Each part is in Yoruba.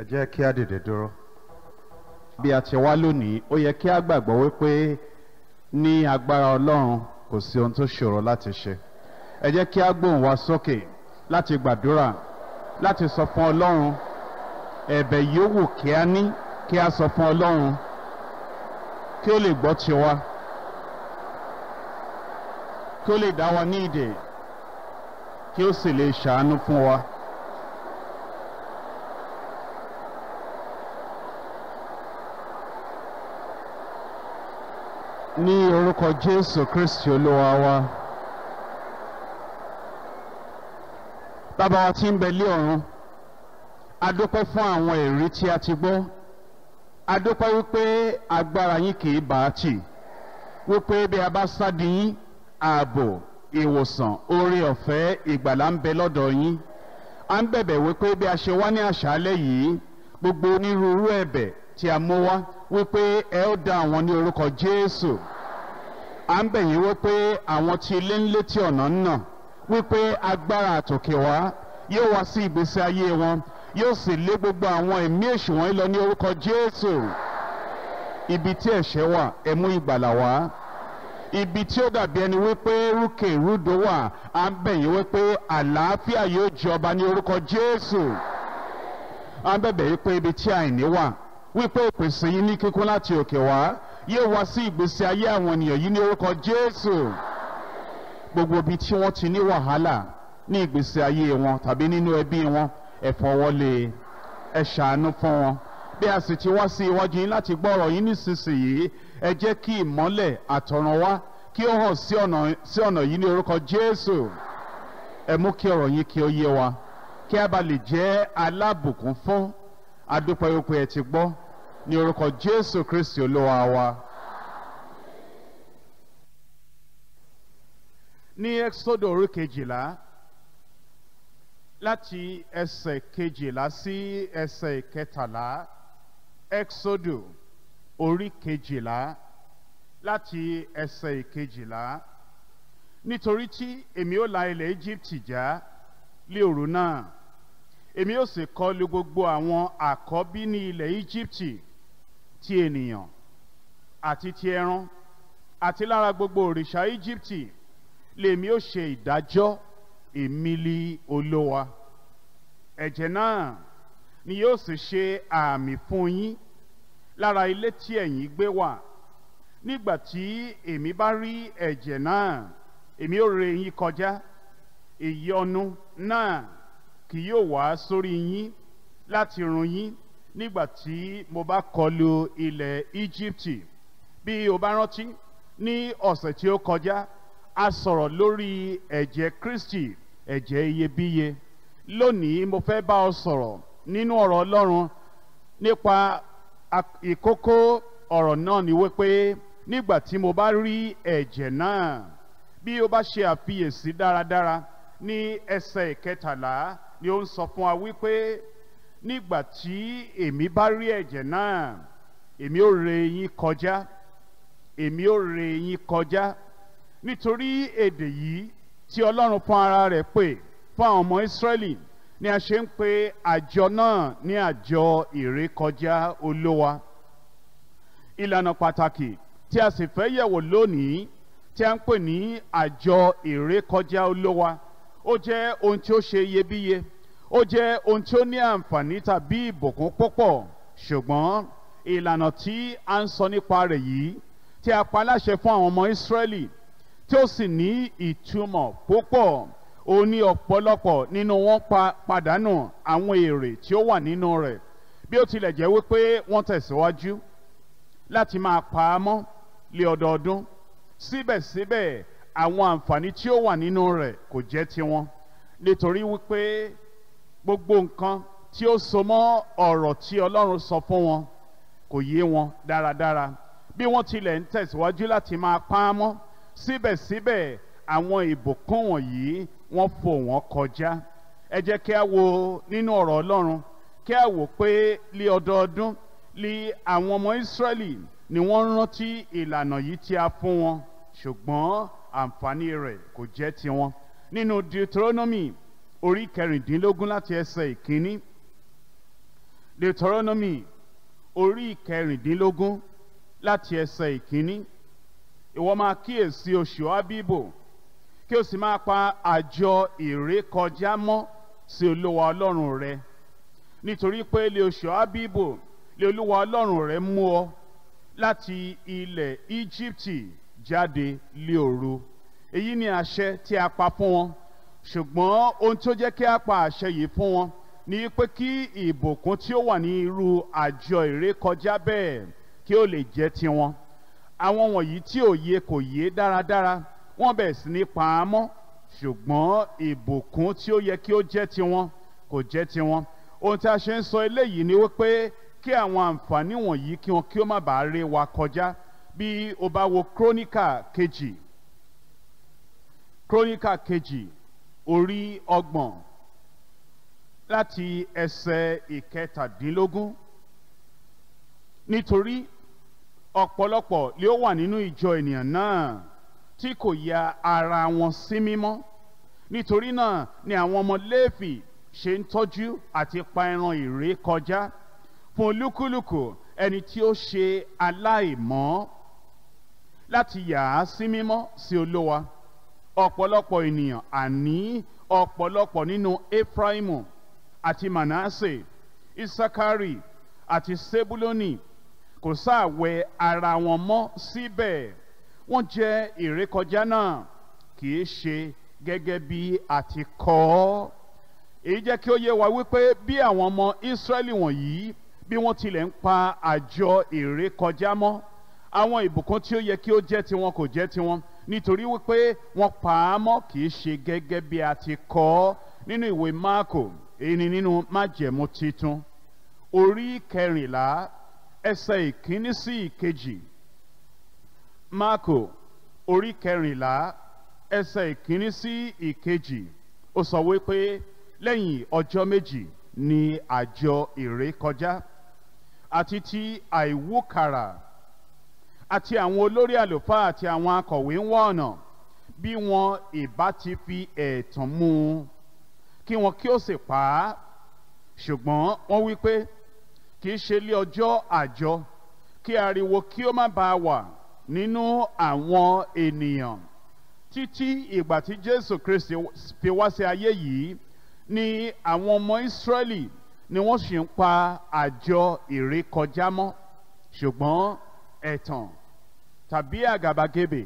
ẹ jẹ́ kí a dìde dúró bí a ti wá lónìí ó yẹ kí a gbàgbọ́ wípé ní agbára ọlọ́run kò sí ohun tó ṣòro láti ṣe ẹ jẹ́ kí a gbóhùn wá sókè láti gbàdúrà láti sọ fún ọlọ́run ẹ̀bẹ̀ yòówù kí a ní kí a sọ fún ọlọ́run kí ó lè gbọ́ tiwa kí ó lè dá wa ní ìdè kí ó sì lè ṣàánú fún wa. ní orúkọ Jésù Kristi olúwa wa bàbá wa tí ń bẹ lé ọ̀run a dúpẹ́ fún àwọn èrí tí a ti gbọ́ a dúpẹ́ wípé agbára yín kì í bá a tì wípé bí a bá sádi yín ààbò ìwòsàn oore ọ̀fẹ́ ìgbàlà ń bẹ lọ́dọ̀ yín a ń bẹ̀bẹ̀ wípé bí a ṣe wá ní àṣálẹ́ yìí gbogbo onírúurú ẹ̀bẹ̀ tí a mú wá wípé ẹ ó da àwọn ní orúkọ Jésù à ń bẹ̀ yín wípé àwọn tí ilé ń létí ọ̀nà náà wípé agbára àtòkè wá yóò wá sí ìgbésí ayé wọn yóò sì lé gbogbo àwọn ẹ̀mí èṣù wọ̀nyí lọ ní orúkọ Jésù ibi tí ẹ̀ṣẹ̀ wà ẹ mú ìgbàlà wá ibi tí ó dàbí ẹni wípé rúkè rúdò wà à ń bẹ̀ yín wípé àlàáfíà yóò jọba ní orúkọ Jésù à ń bẹ̀bẹ̀ yín pé ibi tí àìní wà wípé ìpèsè yìí ní kíkún láti òkè wá yóò wá sí ìgbésí ayé àwọn ènìyàn yìí ní orúkọ Jésù gbogbo ibi tí wọ́n ti ní wàhálà ní ìgbésí ayé wọn tàbí nínú ẹbí wọn ẹ fọwọ́lé e, ẹ ṣàánú fún wọn bí a sì ti wá sí iwájú yín láti gbọ́ yín nísinsìnyí ẹ jẹ́ kí ìmọ́lẹ̀ àtọ̀ràn wá kí ó hàn sí ọ̀nà yìí ní orúkọ Jésù ẹ mú kí ọ̀rọ̀ yín kí ó yé wa kí a bá lè jẹ́ alábùkún fún adúpẹ́ wípé ẹ ti gbọ́ ní orúkọ Jésù Kristi Olúwa wa. ní Exodo orí kejìlá láti ẹsẹ̀ kejìlá sí ẹsẹ̀ kẹtàlá Exodo orí kejìlá láti ẹsẹ̀ kejìlá nítorí tí èmi ó la ilẹ̀ Egypt já lé òru náà èmi yóò sì kọlu gbogbo àwọn àkọ́bí ní ilẹ̀ íjíbítì ti ènìyàn àti ti ẹran àti lára gbogbo òrìṣà íjíbítì lèmi yóò ṣe ìdájọ́ èmi li olówa ẹ̀jẹ̀ náà ni yóò sì ṣe àmì fún yín lára ilé tí ẹ̀yin gbé wà nígbà tí èmi bá rí ẹ̀jẹ̀ náà èmi yóò ré yín kọjá ìyọnu náà kì yóò wá sórí yín láti run yín nígbà tí mo bá kọlu ilẹ̀ Íjíbítì bí o bá rántí ní ọ̀sẹ̀ tí ó kọjá a sọ̀rọ̀ lórí ẹ̀jẹ̀ Kristi ẹ̀jẹ̀ iyebíye lónìí mo fẹ́ bá ọ sọ̀rọ̀ nínú ọ̀rọ̀ Ọlọ́run nípa ìkókó ọ̀rọ̀ náà ni wípé nígbà tí mo bá rí ẹ̀jẹ̀ náà bí o bá ṣe àfiyèsí dáradára ní ẹsẹ̀ ìkẹtàlá ni ó ń sọ fún wa wípé nígbà tí èmi bá rí ẹ̀jẹ̀ náà èmi ó re yín kọjá èmi ó re yín kọjá nítorí èdè yìí tí ọlọ́run fún ara rẹ̀ pè fún àwọn ọmọ ìsírẹ́lì ni a ṣe ń pe àjọ náà ní àjọ ìrékọjá olówa ìlànà pàtàkì tí a sì fẹ́ yẹ̀wò lónìí tí a ń pè ní àjọ ìrékọjá olówa ó jẹ́ ohun tí ó ṣe iyebíye ó jẹ́ ohun tí ó ní àǹfààní tàbí ìbùkún púpọ̀ ṣùgbọ́n ìlànà tí a ń sọ nípa rẹ̀ yìí tí a pa láṣẹ fún àwọn ọmọ Ísírẹ́lì tí ó sì ní ìtumọ̀ púpọ̀ ó ní ọ̀pọ̀lọpọ̀ nínú wọn pàdánù àwọn èrè tí ó wà nínú rẹ̀ bí ó tilẹ̀ jẹ́ wípé wọ́n tẹ̀síwájú láti máa pa á mọ́ lé ọdọọdún síbẹ̀síbẹ̀ àwọn àǹfààní tí ó wà nínú rẹ̀ kò jẹ́ tiwọn nítorí wípé gbogbo nǹkan tí ó so mọ́ ọ̀rọ̀ tí Ọlọ́run sọ fún wọn kò yé wọn dáradára bí wọ́n tilẹ̀ ń tẹ̀síwájú láti máa pa á mọ́ síbẹ̀síbẹ̀ àwọn ìbùkún wọ̀nyí wọ́n fò wọ́n kọjá ẹ jẹ́ kí a wo nínú ọ̀rọ̀ Ọlọ́run kí a wò pé lé ọdọọdún lé àwọn ọmọ Ísírẹ́lì ni wọ́n rántí ìlànà yìí tí a fún wọn ṣùgbọ́n àǹfààní rẹ̀ kò jẹ́ tiwọn nínú Deuteronomy orí kẹrìndínlógún láti ẹsẹ̀ ìkíní deuteronomy orí kẹrìndínlógún láti ẹsẹ̀ ìkíní ìwọ máa kíyèsí oṣù abibo kí o sì máa pa àjọ ìrékọjá mọ́ sí olúwa ọlọ́run rẹ nítorí pé lè oṣù abibo lè olúwa ọlọ́run rẹ mú ọ láti ilẹ̀ íjíbítì jáde lé òru èyí ni àṣẹ tí a pa fún wọn ṣùgbọ́n ohun tó jẹ́ kí a pa àṣẹ yìí fún wọn ni pé kí ìbùkún tí ó wà ní irú àjọ ìrékọjá bẹ́ẹ̀ kí ó lè jẹ́ tiwọn àwọn wọ̀nyí tí ò yé kò yé dáradára wọ́n bẹ̀rẹ̀ sí ní pa á mọ́ ṣùgbọ́n ìbùkún tí ó yẹ kí ó jẹ́ tiwọn kò jẹ́ tiwọn ohun tí a ṣe ń sọ eléyìí ni wípé kí àwọn àǹfààní wọ̀nyí kí wọn kí ó má bàa ré wa kọjá bí o bá wo króníkà kejì króníkà kejì orí ọgbọ̀n láti ẹsẹ̀ ìkẹtàdínlógún nítorí ọ̀pọ̀lọpọ̀ lé ó wà nínú ìjọ ènìyàn náà tí kò ya ara wọn sí mímọ́ nítorí náà ni àwọn ọmọ Léfì ṣe ń tọ́jú àti pa ẹran ìré kọjá fún olúkúlùkù ẹni tí ó ṣe aláìmọ́ láti yà á sí mímọ́ sí Olúwa. Si ọ̀pọ̀lọpọ̀ ènìyàn àní ọ̀pọ̀lọpọ̀ nínú Efraimu àti Manase Isakari àti Sebuloni kò sáàwẹ̀ ara wọn mọ́ síbẹ̀ wọ́n jẹ́ ìrékọjá náà kì í ṣe gẹ́gẹ́ bí a ti kọ ọ́ èyí jẹ́ kí ó yé wa wípé bí àwọn ọmọ Ísírẹ́lì wọ̀nyí bí wọ́n tilẹ̀ ń pa àjọ ìrékọjá mọ́ àwọn ìbùkún tí ó yẹ kí ó jẹ́ tiwọn kò jẹ́ tiwọn nítorí wípé wọ́n pa á mọ́ kì í ṣe gẹ́gẹ́ bí a ti kọ ọ́ nínú ìwé Máàkò èyí ni nínú májẹ̀mú titun orí kẹrìnlá ẹsẹ̀ ìkíní sí ìkejì Máàkò orí kẹrìnlá ẹsẹ̀ ìkíní sí ìkejì ó sọ wípé lẹ́yìn ọjọ́ méjì ni àjọ ìrékọjá àti ti àìwúkàrà àti àwọn olórí àlùfáà àti àwọn akọ̀wé ń wá ọ̀nà bí wọn ìbá ti fi ẹ̀tàn mú un kí wọn kí ó sì pa á ṣùgbọ́n wọ́n wí pé kì í ṣe ilé ọjọ́ àjọ kí ariwo kí ó má bàa wà nínú àwọn ènìyàn títí ìgbà tí Jésù Kristi fi wá sí ayé yìí ni àwọn ọmọ Ísírẹ́lì ni wọ́n sì ń pa àjọ ìrékọjá mọ́ ṣùgbọ́n ẹ̀tàn tàbí àgàbàgebè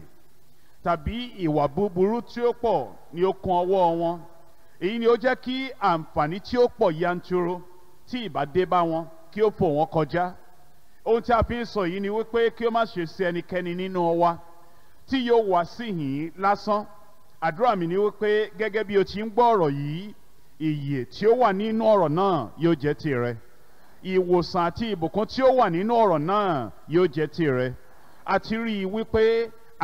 tàbí ìwà búburú tí ó pọ̀ ni ó kún ọwọ́ wọn èyí ni ó jẹ́ kí àǹfààní tí ó pọ̀ yanturu tí ìbá dé bá wọn kí ó fò wọ́n kọjá ohun tí a fi ń sọ yìí ni wípé kí ó má ṣe sí ẹnikẹ́ni nínú wa tí yóò wá síhìn lásán àdúrà mi ni wípé gẹ́gẹ́ bí o ti ń gbọ́ ọ̀rọ̀ yìí ìyè tí ó wà nínú ọ̀rọ̀ náà yóò jẹ́ tirẹ̀ ìwòsàn àti ìbùkún tí ó wà nínú ọ̀rọ̀ náà yóò jẹ́ tirẹ̀ àti rí i wípé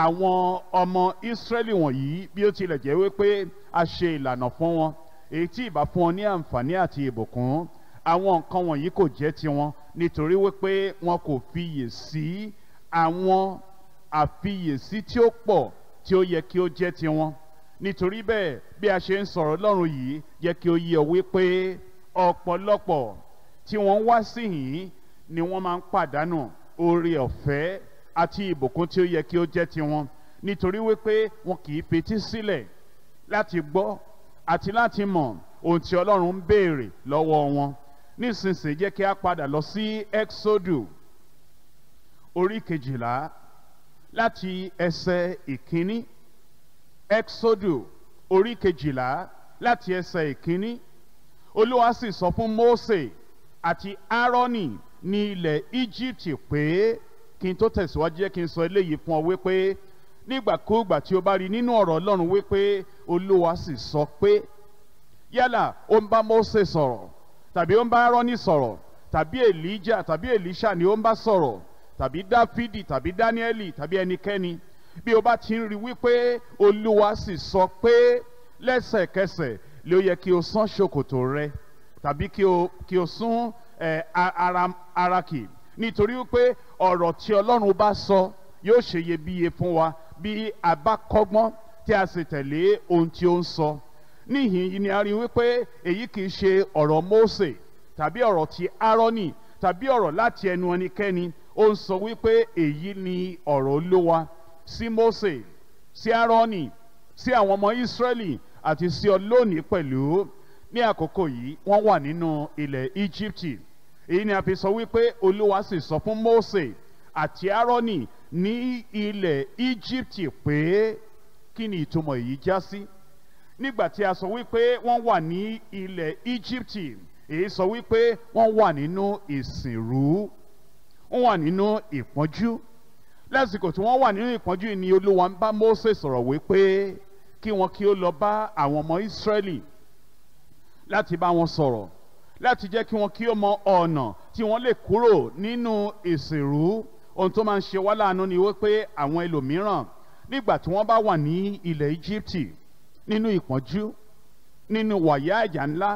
àwọn ọmọ ìsírẹ́lì wọ̀nyí bí ó tilẹ̀ jẹ́ wípé a ṣe ìlànà fún wọn èyí tí ìbá fún wọn ní àǹfààní àti ìbùkún àwọn nǹkan wọ̀nyí kò jẹ́ tiwọn nítorí wípé wọn kò fiyè sí àwọn àfiyèsí tí ó pọ̀ tí ó yẹ kí ó jẹ́ tiwọn nítorí bẹ́ẹ̀ bí a ṣe ń sọ̀rọ̀ lọ́rùn yìí yẹ kí ó yẹ wípé ọ̀pọ̀lọpọ̀ tí wọ́n wá síhìn ni wọ́n máa ń pàdánù oore ọ̀fẹ́ àti ìbùkún tí ó yẹ kí ó jẹ́ tiwọn nítorí wípé wọn kì í fetí sílẹ̀ láti gbọ́ àti láti mọ̀ ohun tí Ọlọ́run ń béèrè lọ́wọ́ wọn nísinsìnyí jẹ́ kí a padà lọ sí Exodu orí kejìlá láti ẹsẹ̀ ìkíní Exodu orí kejìlá láti ẹsẹ̀ ìkíní Olúwa sì sọ fún Mósè àti Áárọ́nì ní ilẹ̀ Íjíbítì pé kí n tó tẹ̀síwájú jẹ́ kí n sọ eléyìí fún ọ wípé nígbàkúgbà tí o bá rí nínú ọ̀rọ̀ ọlọ́run wípé olúwa sì sọ pé yálà ó ń bá Mósè sọ̀rọ̀ tàbí ó ń bá Áárónì sọ̀rọ̀ tàbí Èlíjà tàbí Èlíṣà ni ó ń bá sọ̀rọ̀ tàbí Dáfídì tàbí Dáníẹ́lì tàbí ẹnikẹ́ni bí o bá ti ń rí wípé olúwa sì sọ pé lẹ́sẹ̀kẹsẹ̀ ló yẹ kí o sán ṣòkòtò rẹ tàbí kí o kí o sún ẹ ara ara kì í nítorí wípé ọ̀rọ̀ tí ọlọ́run bá sọ yóò ṣe iyebíye fún wa bí a bá kọ́gbọ́n tí a sì tẹ̀lé ohun tí ó ń sọ níhìn ni a rí wípé èyí kì í ṣe ọ̀rọ̀ Mósè tàbí ọ̀rọ̀ ti Árónì tàbí ọ̀rọ̀ láti ẹnu ẹnikẹ́ni ó ń sọ wípé èyí ni ọ̀rọ̀ Olúwa sí Mósè sí Árónì sí àwọn ọmọ Ísírẹ́lì àti sí ọ pẹ̀lú ní àkókò yìí wọ́n wà nínú ilẹ̀ Íjíbítì èyí ni a fi sọ wípé olúwa sì sọ fún Mósè àti Árónì ní ilẹ̀ Íjíbítì pé kí ni ìtumọ̀ èyí já sí nígbà tí a sọ wípé wọ́n wà ní ilẹ̀ Íjíbítì èyí sọ wípé wọ́n wà nínú ìsìnrú wọ́n wà nínú ìpọ́njú lásìkò tí wọ́n wà nínú ìpọ́njú ni olúwa ń bá Mósè sọ̀rọ̀ wípé kí wọn kí ó lọ bá àwọn ọmọ Ísírẹ́lì láti bá wọn sọ̀rọ̀ láti jẹ́ kí wọn kí ó mọ ọ̀nà tí wọ́n lè kúrò nínú ìsìnrú ohun tó máa ń ṣe wá láàánú ni wípé àwọn ẹlòmíràn nígbà tí wọ́n bá wà ní ilẹ̀ Íjíbítì nínú ìpọ́njú nínú wàyà àjà ńlá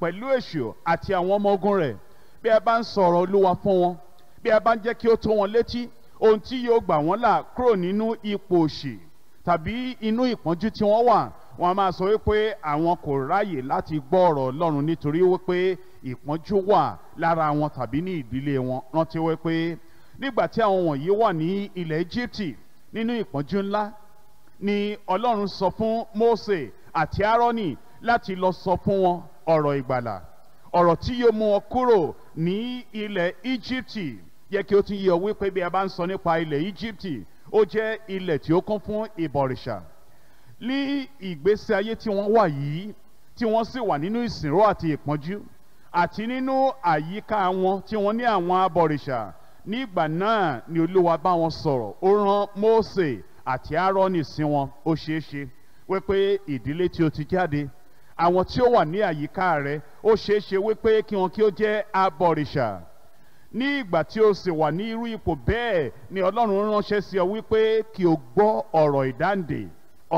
pẹ̀lú èṣù àti àwọn ọmọ ogun rẹ̀ bí a bá ń sọ̀rọ̀ olúwa fún wọn bí a bá ń jẹ́ kí ó tó wọn létí ohun tí yóò gbà wọ́n là kúrò nínú ipò òṣì tàbí inú ìpọ́njú tí wọ́n wà wọ́n máa sọ wípé àwọn kò ráyè láti gbọ́ ọ̀rọ̀ ọlọ́run nítorí wípé ìpọ́njú wà lára wọn tàbí ní ìdílé wọn rántí wípé nígbà tí àwọn wọ̀nyí wà ní ilẹ̀ Íjíbítì nínú ìpọ́njú ńlá ni ọlọ́run sọ fún Mósè àti Árónì láti lọ sọ fún wọn ọ̀rọ̀ ìgbàlà ọ̀rọ̀ tí yóò mú wọn kúrò ní ilẹ̀ Íjíbítì yẹ kí ó tún yé wípé bí a bá ń sọ nípa ilẹ̀ Íjíbítì ó jẹ́ ilẹ̀ tí ó kún fún ìbọ̀rìṣà ní ìgbésí ayé tí wọ́n wà yìí tí wọ́n sì wà nínú ìsìnrú àti ìpọ́njú àti nínú àyíká wọn tí wọ́n ní àwọn abọ̀rìṣà ní ìgbà náà ni olúwa bá wọn sọ̀rọ̀ ó rán Mósè àti Áárónì sí wọn ó ṣeé ṣe wípé ìdílé tí o ti jáde àwọn tí ó wà ní àyíká rẹ ó ṣeé ṣe wípé kí wọn kí ó jẹ́ abọ̀rìṣà ní ìgbà tí o sì wà ní irú ipò bẹ́ẹ̀ ni Ọlọ́run ránṣẹ́ sí ọ wípé kí o gbọ́ ọ̀rọ̀ ìdáǹdè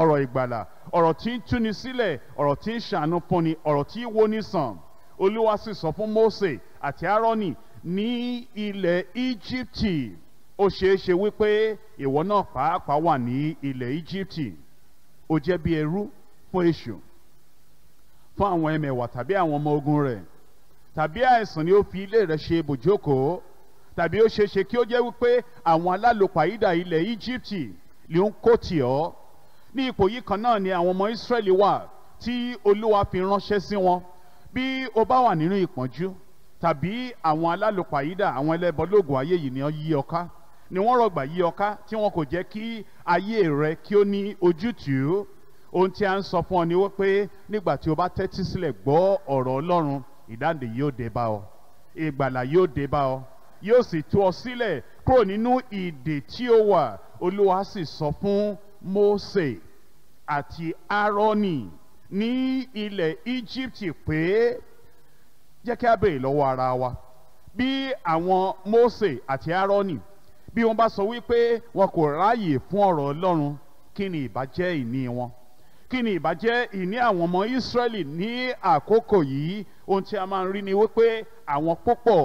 ọ̀rọ̀ ìgbàlà ọ̀rọ̀ tí ń túni sílẹ̀ ọ̀rọ̀ tí ń ṣàánú pọnni ọ̀rọ̀ tí ń wo ní sàn olúwa sì sọ fún Mósè àti Áárónì ní ilẹ̀ Íjíbítì ó ṣeéṣe wípé ìwọ náà pàápàá wà ní ilẹ̀ Íjíbítì ó jẹ́ bí ẹrú fún èṣù fún àwọn ẹmẹ̀wà tàbí àwọn ọmọ ogun rẹ̀ tàbí àìsàn ni ó fi ilé rẹ̀ ṣe ibùjókòó tàbí ó ṣeéṣe kí ó jẹ́ wípé àwọn alálòpàá ìdà ilẹ̀ Íjíbítì ló ń kó tì ọ́ ní ipò yìí kan náà ni àwọn ọmọ Ísírẹ́lì wà tí Olúwa fi ránṣẹ́ sí wọn bí o bá wà nínú ìpọ́njú tàbí àwọn alálùpàyídà àwọn ẹlẹ́bọlóògùn ayé yìí ni wọ́n yí ọ ká ni wọ́n rọgbà yí ọ ká tí wọn kò jẹ́ kí ayé rẹ kí ó ní ojútùú ohun tí a ń sọ fún ọ ni wípé nígbà tí o bá tẹ́tí sílẹ̀ gbọ́ ọ̀rọ̀ Ọlọ́run ìdáǹdè yóò dé bá ọ ìgbàlà yóò dé bá ọ yóò sì tú ọ sílẹ̀ kúrò nínú ìdè tí ó wà Olúwa sì sọ fún Mose àti Árónì ní ilẹ̀ Egypt pé jẹ́ kí a béèrè lọ́wọ́ ara wa bí àwọn Mósè àti Árónì bí wọ́n bá sọ wípé wọn kò ráàyè fún ọ̀rọ̀ Ọlọ́run kí ni ìbá jẹ́ ìní wọn kí ni ìbá jẹ́ ìní àwọn ọmọ Ísírẹ́lì ní àkókò yìí ohun tí a máa ń rí ni wípé àwọn púpọ̀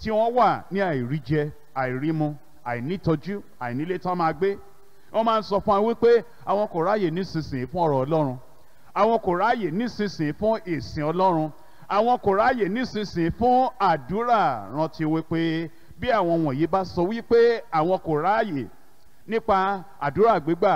tí wọ́n wà ní àìríjẹ àìrímu àìnítọ́jú àìnílé tán máa gbé wọ́n máa ń sọ fún wa wípé àwọn kò ráyè nísinsìnyí fún ọ̀rọ̀ ọlọ́run àwọn kò ráyè nísinsìnyí fún ìsìn ọlọ́run àwọn kò ráyè nísinsìnyí fún àdúrà rántí wípé bí àwọn wọ̀nyí bá sọ wípé àwọn kò ráyè nípa àdúrà gbígbà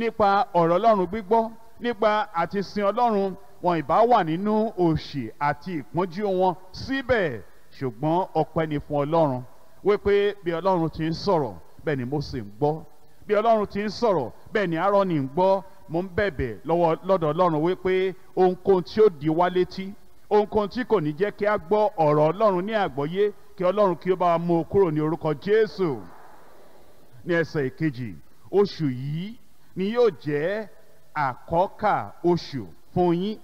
nípa ọ̀rọ̀ ọlọ́run gbígbọ́ nípa àti sin ọlọ́run wọn ìbá wà nínú òṣì àti ìpọ́njú wọn síbẹ̀ ṣùgbọ́n ọpẹ́ ni fún ọlọ́run wípé bí ọlọ́run ti ń sọ̀rọ̀ bẹ́ẹ̀ ni mo sì ń gbọ́ bí ọlọ́run ti ń sọ̀rọ̀ bẹ́ẹ̀ ni Áárónì ń gbọ́ mo ń bẹ̀bẹ̀ lọ́wọ́ lọ́dọ̀ ọlọ́run wípé ohunkóhun tí ó di wá létí ohunkóhun tí kò ní jẹ́ kí a gbọ́ ọ̀rọ̀ ọlọ́run ní àgbọ́yé kí ọlọ́run kí ó bá wa mú o kúrò ní orúkọ Jésù ní ẹsẹ̀ ìkejì oṣù yìí ni yóò jẹ́ àkọ́kà oṣù fún yín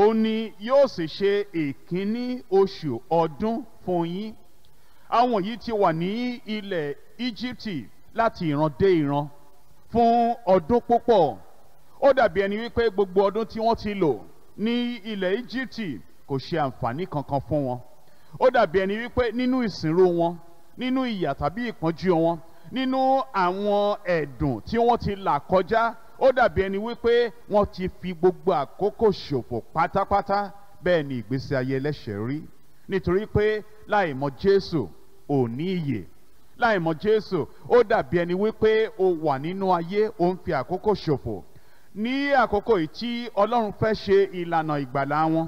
òun ni yóò sì ṣe ìkíní oṣù ọdún fún yín àwọn yìí ti wà ní ilẹ̀ Íjíbítì láti ìran dé ìran fún ọdún púpọ̀ ó dàbí ẹni wípé gbogbo ọdún tí wọ́n ti lò ní ilẹ̀ Íjíbítì kò ṣe àǹfààní kankan fún wọn ó dàbí ẹni wípé nínú ìsìnrú wọn nínú ìyà tàbí ìpọ́njú wọn nínú àwọn ẹ̀dùn tí wọ́n ti là kọjá ó dàbí ẹni wípé wọ́n ti fi gbogbo àkókò ṣòfò pátápátá bẹ́ẹ̀ ni ìgbésí ayé ẹlẹ́ṣẹ̀ rí nítorí pé láì mọ Jésù ò ní láìmọ̀ jésù ó dàbí ẹni wípé o wà nínú ayé o ń fi àkókò ṣòfò ní àkókò yìí tí ọlọ́run fẹ́ ṣe ìlànà ìgbàlá wọn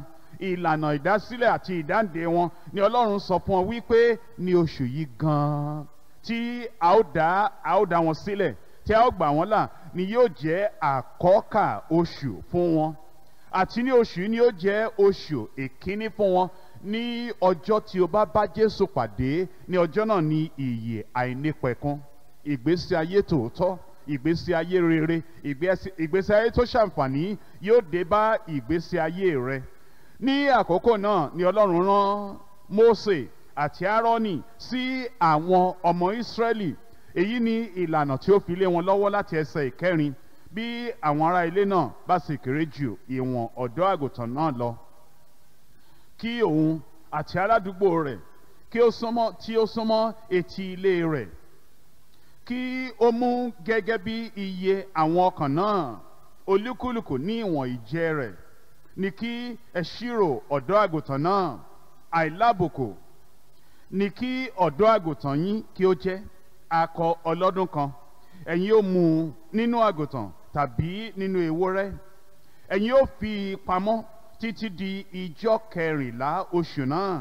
ìlànà ìdásílẹ̀ àti ìdáǹdè wọn ni ọlọ́run sọ fún ọ wípé ní oṣù yìí gan-an tí a ó dá a ó dá wọn sílẹ̀ tí a ó gbà wọ́n là ni yóò jẹ́ àkọ́kà oṣù fún wọn àti ní oṣù yìí ni yóò jẹ́ oṣù ìkíní fún wọn ní ọjọ́ tí o bá bá Jésù pàdé ní ọjọ́ náà ni ìyè àìnípẹ̀kun ìgbésí ayé tòótọ́ ìgbésí ayé rere ìgbésí ayé tó ṣàǹfààní yóò dé bá ìgbésí ayé rẹ ní àkókò náà ni Ọlọ́run rán Mósè àti Áárónì sí àwọn ọmọ Ísírẹ́lì èyí ni ìlànà tí ó fi lé wọn lọ́wọ́ láti ẹsẹ̀ ìkẹrin bí àwọn ará ilé náà bá sì kéré ju ìwọ̀n ọ̀dọ́ àgùntàn náà lọ kí òun àti aládùúgbò rẹ̀ kí ó súnmọ́ tí ó súnmọ́ etí ilé rẹ̀ kí ó mú gẹ́gẹ́ bí iye àwọn ọkàn náà olúkúlùkù ní ìwọ̀n ìjẹ rẹ̀ ni kí ẹ ṣírò ọ̀dọ́ àgùntàn náà àìlábùkù ni kí ọ̀dọ́ àgùntàn yín kí ó jẹ́ akọ ọlọ́dún kan ẹ̀yin ó mú un nínú àgùntàn tàbí nínú ewúrẹ́ ẹ̀yin ó fi pamọ́ títí di ijọ́ kẹrìnlá oṣù náà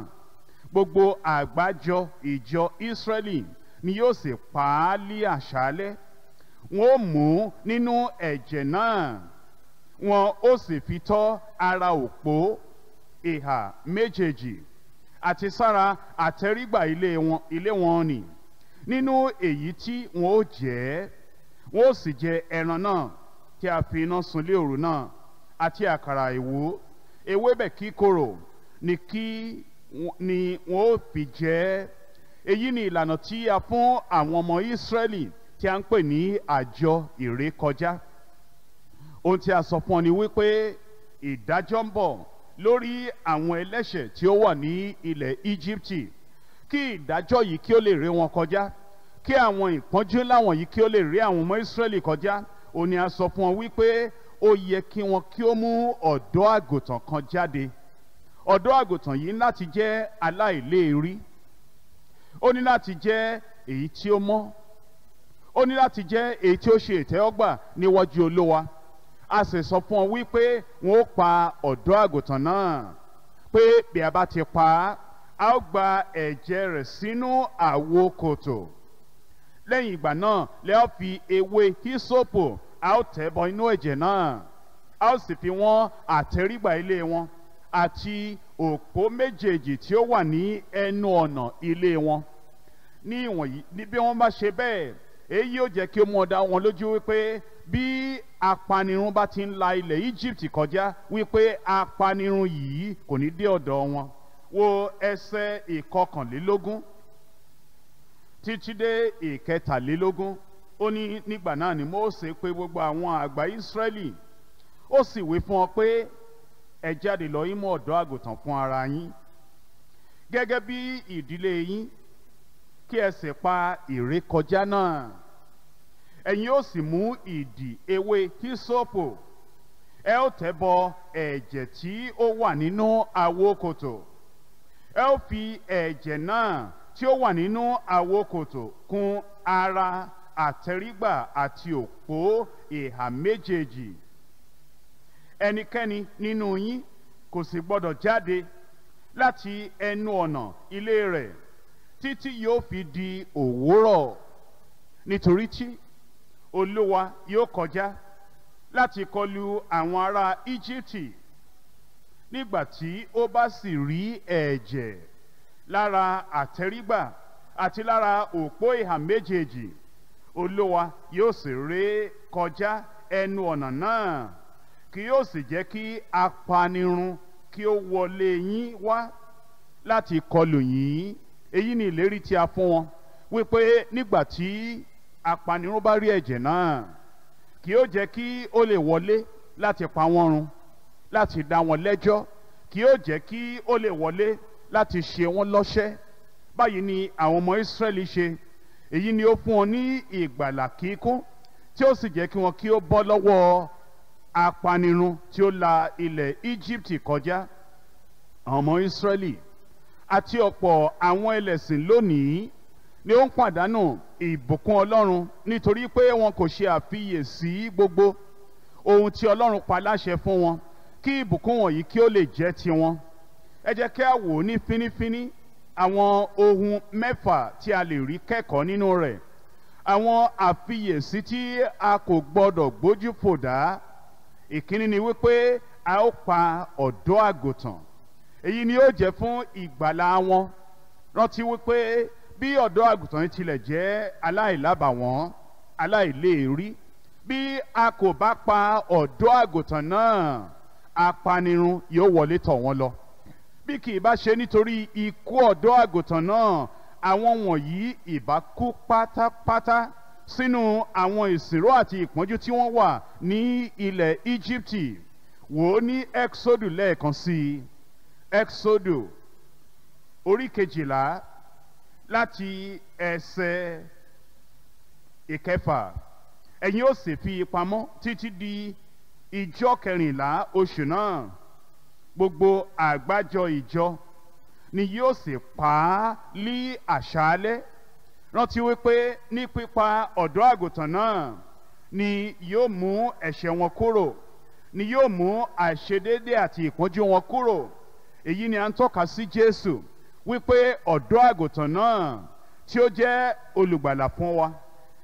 gbogbo àgbájọ ìjọ Ísírẹ́lì ni yóò sì pa á lí àṣálẹ́ wọn ó mú nínú ẹ̀jẹ̀ náà wọn ó sì fi tọ́ ara òpó ìhà méjèèjì àti sára àtẹrígbà ilé wọn nì nínú èyí tí wọn ó jẹ wọn ó sì jẹ ẹran náà tí a fi iná sun òru náà àti àkàrà ìwò ewébẹ̀ kíkorò ni kí ni wọn ó fi jẹ ẹ́ èyí ni ìlànà tí a fún àwọn ọmọ Ísírẹ́lì tí a ń pè ní àjọ ìrékọjá ohun tí a sọ fún ọ ni wípé ìdájọ́ ń bọ̀ lórí àwọn ẹlẹ́ṣẹ̀ tí ó wà ní ilẹ̀ Íjíbítì kí ìdájọ́ yìí kí ó lè rí wọn kọjá kí àwọn ìpọ́njú láwọn yìí kí ó lè rí àwọn ọmọ Ísírẹ́lì kọjá ó ní a sọ fún ọ wípé ó yẹ kí wọn kí ó mú ọ̀dọ́ àgùntàn kan jáde ọ̀dọ́ àgùntàn yìí ní láti jẹ́ aláìléèrí ó ní láti jẹ́ èyí tí ó mọ́ ó ní láti jẹ́ èyí tí ó ṣe ìtẹ́wọ́gbà níwájú olówa a sì sọ fún ọ wípé wọn ó pa ọ̀dọ́ àgùntàn náà pé bí a bá ti pa á a ó gba ẹ̀jẹ̀ rẹ̀ sínú àwo kòtò lẹ́yìn ìgbà náà lẹ́ọ́ fi ewé hísòpò a ó tẹ́bọ inú ẹ̀jẹ̀ náà a ó sì fi wọ́n àtẹ́rígbà ilé wọn àti òpó méjèèjì tí ó wà ní ẹnu ọ̀nà ilé wọn ní ìwọ̀nyí ní bí wọ́n bá ṣe bẹ́ẹ̀ èyí yóò jẹ́ kí ó mú ọ̀dà wọn lójú wípé bí apanirun bá ti ń la ilẹ̀ Egypt kọjá wípé apanirun yìí kò ní dé ọ̀dọ̀ wọn wo ẹsẹ̀ ìkọkànlélógún títí dé ìkẹtàlélógún. E ó ní nígbà náà ni Mósè pè gbogbo àwọn àgbà Ísírẹ́lì ó sì wí fún ọ pé ẹ jáde lọ yín mú ọ̀dọ́ àgùntàn fún ara yín gẹ́gẹ́ bí ìdílé yín kí ẹ sì pa ìrékọjá náà ẹ̀yin ó sì mú ìdì ewé hísópò ẹ ó tẹ̀bọ ẹ̀jẹ̀ tí ó wà nínú àwo ẹ ó fi ẹ̀jẹ̀ náà tí ó wà nínú àwo kòtò ara àtẹrígbà àti òpó ìhà méjèèjì ẹnikẹ́ni nínú yín kò sì gbọ́dọ̀ jáde láti ẹnu ọ̀nà ilé rẹ̀ títí yóò fi di òwúrọ̀ nítorí tí olúwa yóò kọjá láti kọlu àwọn ará íjíbítì nígbà tí ó bá sì rí ẹ̀jẹ̀ lára àtẹrígbà àti lára òpó ìhà méjèèjì olúwa yóò sì ré kọjá ẹnu ọ̀nà náà kì yóò sì jẹ́ kí apanirun kí ó wọlé yín wá láti kọlù yín èyí ni ìlérí tí a fún wọn wípé nígbà tí apanirun bá rí ẹ̀jẹ̀ náà kì yóò jẹ́ kí ó lè wọlé láti pa wọ́n run láti dá wọn lẹ́jọ́ kì yóò jẹ́ kí ó lè wọlé láti ṣe wọ́n lọ́ṣẹ́ báyìí ni àwọn ọmọ Ísírẹ́lì ṣe èyí ni ó fún wọn ní ìgbàlà kíkún tí ó sì jẹ́ kí wọn kí ó bọ́ lọ́wọ́ apanirun tí ó la ilẹ̀ Egypt kọjá ọmọ Israẹli àti ọ̀pọ̀ àwọn ẹlẹ́sìn lónìí ni ó ń pàdánù ìbùkún Ọlọ́run nítorí pé wọn kò ṣe àfiyèsí gbogbo ohun tí Ọlọ́run pa láṣẹ fún wọn kí ìbùkún wọ̀nyí kí ó lè jẹ́ tiwọn ẹ jẹ́ kí a wò ó ní fínífíní àwọn ohun mẹ́fà tí a lè rí kẹ́kọ̀ọ́ nínú rẹ̀ àwọn àfiyèsí tí a kò gbọdọ̀ gbójú fò dá ìkíní ni wípé a ó pa ọ̀dọ́ àgùntàn èyí ni ó jẹ́ fún ìgbàlá wọn rántí wípé bí ọ̀dọ́ àgùntàn tilẹ̀ jẹ́ aláìlábàwọ́n aláìléèrí bí a kò bá pa ọ̀dọ́ àgùntàn náà apanirun yóò wọlé tọ̀ wọ́n lọ bí kì í bá ṣe nítorí ikú ọ̀dọ́ àgùntàn náà àwọn wọ̀nyí ìbá kú pátápátá sínú àwọn ìsìnró àti ìpọ́njú tí wọ́n wà ní ilẹ̀ Íjíbítì wò ó ní Ẹ́kṣódù lẹ́ẹ̀kan sí i Ẹ́kṣódù orí kejìlá láti ẹsẹ̀ ìkẹfà ẹ̀yin ó sì fi pamọ́ títí di ìjọ kẹrìnlá oṣù náà gbogbo àgbájọ ìjọ ni yóò sì pa á lí àṣálẹ́ rántí wípé ní pípa ọ̀dọ́ àgùntàn náà ni yóò mú ẹ̀ṣẹ̀ wọn kúrò ni yóò mú àìṣedéédé àti ìpọ́njú wọn kúrò èyí ni à ń tọ́ka sí Jésù wípé ọ̀dọ́ àgùntàn náà tí ó jẹ́ olùgbàlà fún wa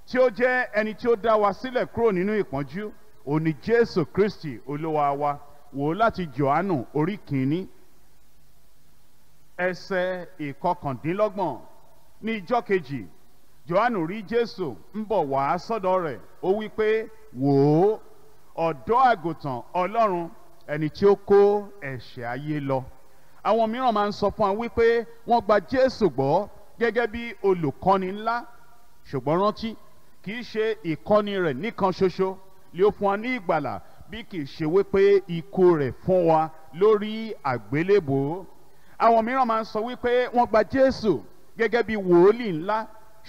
tí ó jẹ́ ẹni tí ó dá wa sílẹ̀ kúrò nínú ìpọ́njú òun Jésù Kristi olúwa wa wò ó láti Jòhánù orí kìíní ẹsẹ̀ ìkọkàndínlọ́gbọ̀n ní ijọ́ kejì Jòhánù rí Jésù ń bọ̀ wá sọ́dọ̀ rẹ̀ ó wí pé wò ó ọ̀dọ́ àgùntàn Ọlọ́run ẹni tí ó kó ẹ̀ṣẹ̀ ayé lọ àwọn mìíràn máa ń sọ fún wa wípé wọ́n gba Jésù gbọ́ gẹ́gẹ́ bí olùkọ́ni ńlá ṣùgbọ́n rántí kì í ṣe ìkọ́ni rẹ̀ nìkan ṣoṣo lè fún wa ní ìgbàlà bí kì í ṣe wípé ikú rẹ̀ fún wa lórí àgbélébò àwọn mìíràn máa ń sọ wípé wọ́n gba Jésù gẹ́gẹ́ bí wòólì ńlá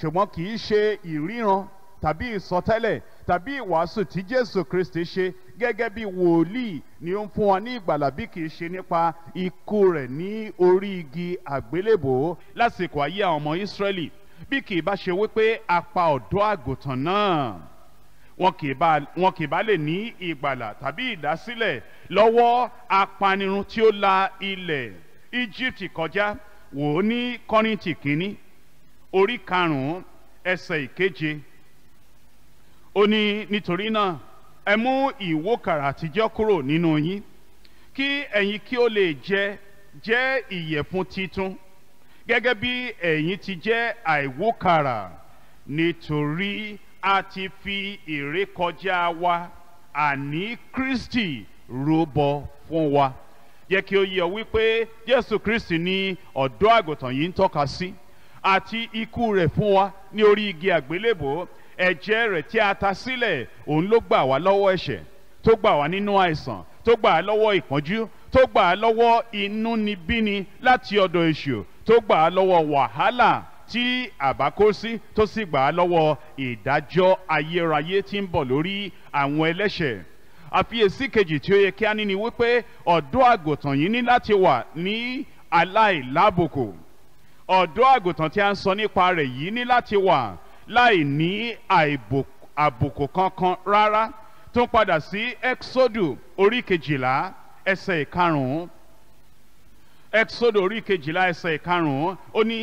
ṣùgbọ́n kì í ṣe ìríran tàbí ìsọtẹ́lẹ̀ tàbí ìwàásù tí Jésù Kristi ṣe gẹ́gẹ́ bí wòlíì ni ó ń fún wa ní ìgbàlà bí kì í ṣe nípa ikú rẹ̀ ní orí igi àgbélébò lásìkò ayé àwọn ọmọ Ísírẹ́lì bí kì í bá ṣe wípé a ọ̀dọ́ àgùntàn náà wọn kì bá lè ní ìgbàlà tàbí ìdásílẹ̀ lọ́wọ́ apanirun tí ó la ilẹ̀ Egypt kọjá wò ó ní Kọ́ríńtì kínní orí karùn-ún ẹsẹ̀ ìkeje ó ní nítorí náà ẹ mú ìwókàrà àtijọ́ kúrò nínú yín kí ẹ̀yin kí ó lè jẹ jẹ́ ìyẹ̀fun titun gẹ́gẹ́ bí ẹ̀yin ti jẹ́ àìwókàrà nítorí a ti fi ìrékọjá wa àní Kristi rúbọ fún wa jẹ́ kí ó yẹ wípé Jésù Kristi ni ọ̀dọ́ àgùntàn yìí ń tọ́ka sí àti ikú rẹ̀ fún wa ní orí igi àgbélébò ẹ̀jẹ̀ rẹ̀ tí a ta sílẹ̀ òun ló gbà wá lọ́wọ́ ẹ̀ṣẹ̀ tó gbà wá nínú àìsàn tó gbà á lọ́wọ́ ìpọ́njú tó gbà á lọ́wọ́ inúnibíni láti ọ̀dọ̀ èṣù tó gbà á lọ́wọ́ wàhálà tí àbá kó sí tó sì gbà á lọ́wọ́ ìdájọ́ ayérayé tí ń bọ̀ lórí àwọn ẹlẹ́ṣẹ̀ àfiyèsí kejì tí ó yẹ kí á ní ni wípé ọ̀dọ́ àgùntàn yìí ní láti wà ní aláìlábùkù ọ̀dọ́ àgùntàn tí a ń sọ nípa rẹ̀ yìí ní láti wà láì ní àbùkù kankan rárá tó padà sí exodu orí kejìlá ẹsẹ̀ ìkarùn-ún exodu orí kejìlá ẹsẹ̀ ìkarùn-ún ó ní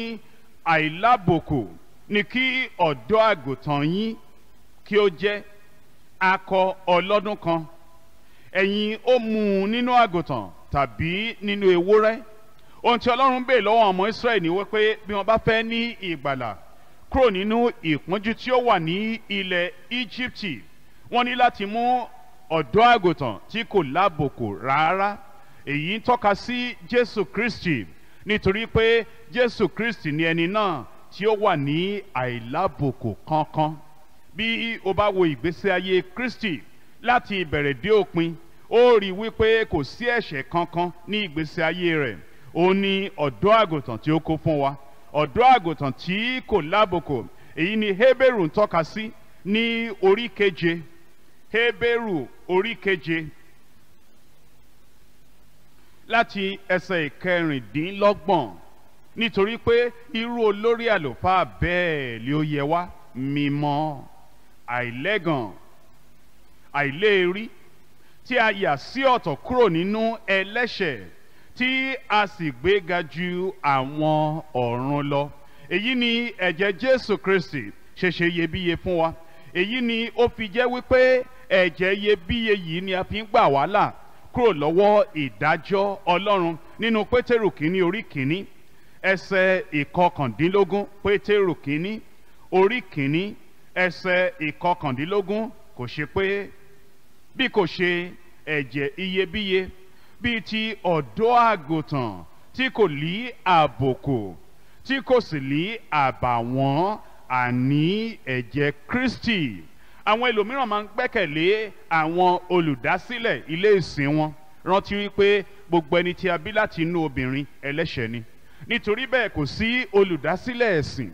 àìlábòkò ni kí ọ̀dọ́ àgùntàn yín kí ó jẹ́ akọ ọlọ́dún kan ẹ̀yin ó mú un nínú àgùntàn tàbí nínú ewúrẹ́ ohun tí ọlọ́run bèè lọ́wọ́ ọmọ israẹli ni wípé bí wọ́n bá fẹ́ ní ìgbàlà kúrò nínú ìpọ́njú tí ó wà ní ilẹ̀ íjíbítì wọ́n ní láti mú ọ̀dọ́ àgùntàn tí kò lábòkò rárá èyí ń tọ́ka sí jésù kristi nítorí pé Jésù Kristi ni ẹni náà tí ó wà ní àìlábòkò kankan bí o bá wo ìgbésí ayé Kristi láti ìbẹ̀rẹ̀ dé òpin ó rí wípé kò sí ẹ̀ṣẹ̀ kankan ní ìgbésí ayé rẹ̀ ó ní ọ̀dọ́ àgùntàn tí ó kó fún wa ọ̀dọ́ àgùntàn tí kò lábòkò èyí ni Hébérù ń tọ́ka sí ní orí keje Hébérù orí keje láti ẹsẹ̀ ìkẹrìndínlọ́gbọ̀n nítorí pé irú olórí àlùfáà bẹ́ẹ̀ lé ó yẹ wá mímọ́ àìlẹ́gàn àìléèrí tí a yà sí ọ̀tọ̀ kúrò nínú ẹlẹ́ṣẹ̀ tí a sì gbéga ju àwọn ọ̀run lọ èyí ni ẹ̀jẹ̀ Jésù Kristi ṣẹṣẹ iyebíye fún wa èyí ni ó fi jẹ́ wípé ẹ̀jẹ̀ iyebíye yìí ni a fi ń gbà wá là kúrò lọ́wọ́ ìdájọ́ ọlọ́run nínú pétérù kínní orí kínní ẹsẹ̀ ìkọkàndínlógún pétérù kínní orí kínní ẹsẹ̀ ìkọkàndínlógún kò ṣe pé bí kò ṣe ẹ̀jẹ̀ iyebíye bíi ti ọ̀dọ́ àgùntàn tí kò lí àbòkù tí kò sì lí àbàwọ́n àní ẹ̀jẹ̀ Kristi àwọn ẹlòmíràn máa ń gbẹ́kẹ̀lé àwọn olùdásílẹ̀ ilé ìsìn wọn rántí wípé gbogbo ẹni tí a bí láti inú obìnrin ẹlẹ́ṣẹ̀ ni nítorí bẹ́ẹ̀ kò sí olùdásílẹ̀ ẹ̀sìn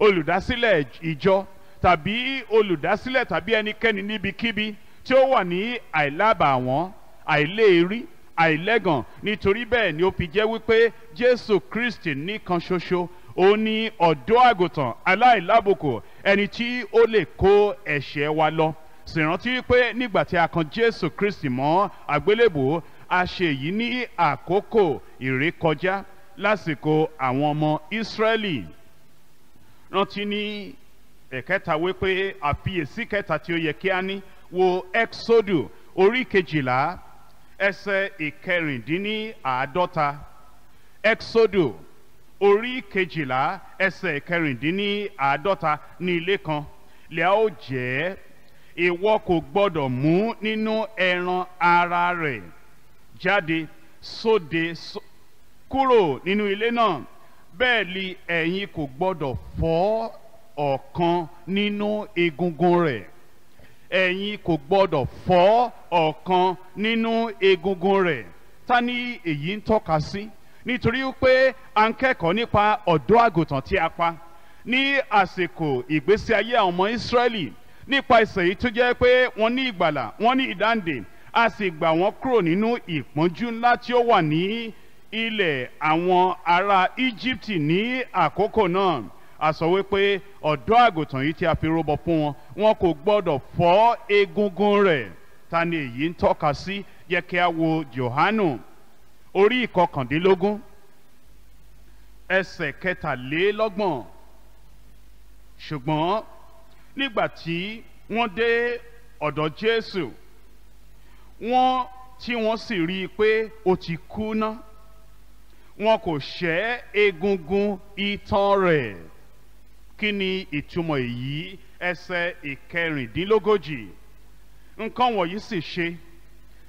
olùdásílẹ̀ ìjọ tàbí olùdásílẹ̀ tàbí ẹnikẹ́ni níbikíbi tí ó wà ní àìlábàwọ́n àìléèrí àìlẹ́gàn nítorí bẹ́ẹ̀ ni ó fi jẹ́ wípé Jésù Kristi nìkan ṣoṣo ó ní ọ̀dọ́ àgùntàn aláìlábùkù ẹni tí ó lè kó ẹ̀ṣẹ̀ wa lọ sì rántí pé nígbà tí a kan Jésù Kristi mọ́ àgbélébùú a ṣe èyí ní àkókò ìrékọjá lásìkò àwọn ọmọ Ísírẹ́lì rántí ní ẹ̀kẹta wípé àfiyèsí kẹta tí ó yẹ kí a ní wo Exodu orí kejìlá ẹsẹ̀ ìkẹrìndínláàádọ́ta Exodu orí kejìlá ẹsẹ̀ kẹrìndínláàádọ́ta ní ilé kan lẹ́à ó jẹ́ ìwọ kò gbọ́dọ̀ mú nínú ẹran ara rẹ̀ jáde sóde kúrò nínú ilé náà bẹ́ẹ̀ li ẹ̀yin kò gbọ́dọ̀ fọ́ ọ̀kan nínú egungun rẹ̀ ẹ̀yin kò gbọ́dọ̀ fọ́ ọ̀kan nínú egungun rẹ̀ ta èyí ń tọ́ka sí. Si? nítorí pé à ń kẹ́kọ̀ọ́ nípa ọ̀dọ́ àgùntàn tí a pa ní àsìkò ìgbésí ayé àwọn ọmọ Ísírẹ́lì nípa ìsẹ̀ yìí tó jẹ́ pé wọ́n ní ìgbàlà wọ́n ní ìdáǹdè a sì gbà wọ́n kúrò nínú ìpọ́njú ńlá tí ó wà ní ilẹ̀ àwọn ará Íjíbítì ní àkókò náà a sọ wípé ọ̀dọ́ àgùntàn yìí tí a fi rúbọ fún wọn wọn kò gbọ́dọ̀ fọ́ egungun rẹ̀ ta ni èyí ń tọ́ka sí yẹ kí a wo Jòhánù orí ìkọkàndínlógún ẹsẹ̀ kẹtàlélọ́gbọ̀n ṣùgbọ́n nígbà tí wọ́n dé ọ̀dọ̀ Jésù wọ́n tí wọ́n sì rí i pé ó ti kú ná wọn kò ṣẹ́ egungun itan rẹ̀ kí ni ìtumọ̀ èyí ẹsẹ̀ ìkẹrìndínlógójì nǹkan wọ̀nyí sì ṣe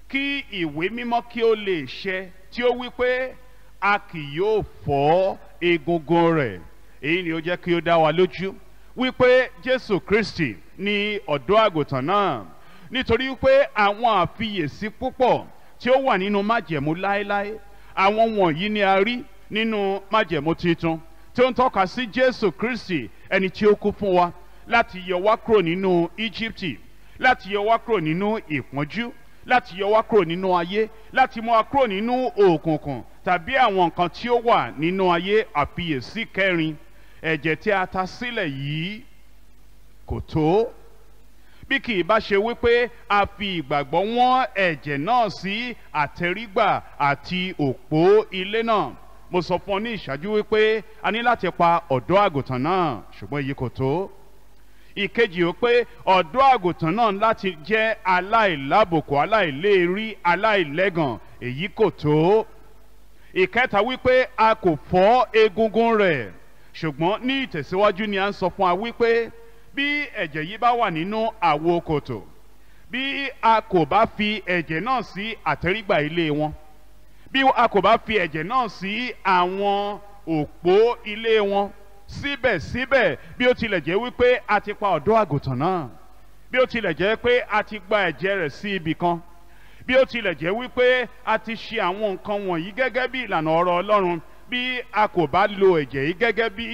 kí ìwé mímọ́ kí ó lè ṣẹ tí ó wí pé a kì yóò fọ́ egungun rẹ̀ èyí ni ó jẹ́ kí ó dá wa lójú wípé Jésù Kristi ni ọ̀dọ́ àgùntàn náà nítorí pé àwọn àfiyèsí púpọ̀ tí ó wà nínú májẹ̀mú láéláé àwọn wọ̀nyí ni a rí nínú májẹ̀mú tuntun tí ó ń tọ́ka sí Jésù Kristi ẹni tí ó kú fún wa láti yọ wá kúrò nínú Íjíbítì láti yọ wá kúrò nínú ìpọ́njú láti yọ wá kúrò nínú ayé láti mú wa kúrò nínú òkùnkùn tàbí àwọn nǹkan tí ó wà nínú ayé àfiyèsí kẹrin ẹ̀jẹ̀ tí a ta sílẹ̀ yìí kò tó bí kì í bá ṣe wípé a fi ìgbàgbọ́ wọ́n ẹ̀jẹ̀ náà sí àtẹrígbà àti òpó ilé náà mo sọ fún ọ ní ìṣáájú wípé a ní láti pa ọ̀dọ́ àgùntàn náà ṣùgbọ́n èyí kò tó ìkejì ó pé ọ̀dọ́ àgùntàn náà láti jẹ́ aláìlábòkù aláìléèrí aláìlẹ́gàn èyí kò tó ìkẹta wípé a kò fọ́ egungun rẹ̀ ṣùgbọ́n ní ìtẹ̀síwájú ni a ń sọ fún wa wípé bí ẹ̀jẹ̀ yìí bá wà nínú àwo kòtò bí a kò bá fi ẹ̀jẹ̀ náà sí àtẹ́rígbà ilé wọn bí a kò bá fi ẹ̀jẹ̀ náà sí àwọn òpó ilé wọn síbẹ̀síbẹ̀ bí ó tilẹ̀ jẹ́ wípé a ti pa ọ̀dọ́ àgùntàn náà bí ó tilẹ̀ jẹ́ pé a ti gba ẹ̀jẹ̀ rẹ̀ sí ibì kan bí ó tilẹ̀ jẹ́ wípé a ti ṣe àwọn nǹkan wọ̀nyí gẹ́gẹ́ bí ìlànà ọ̀rọ̀ Ọlọ́run bí a kò bá lo ẹ̀jẹ̀ yìí gẹ́gẹ́ bí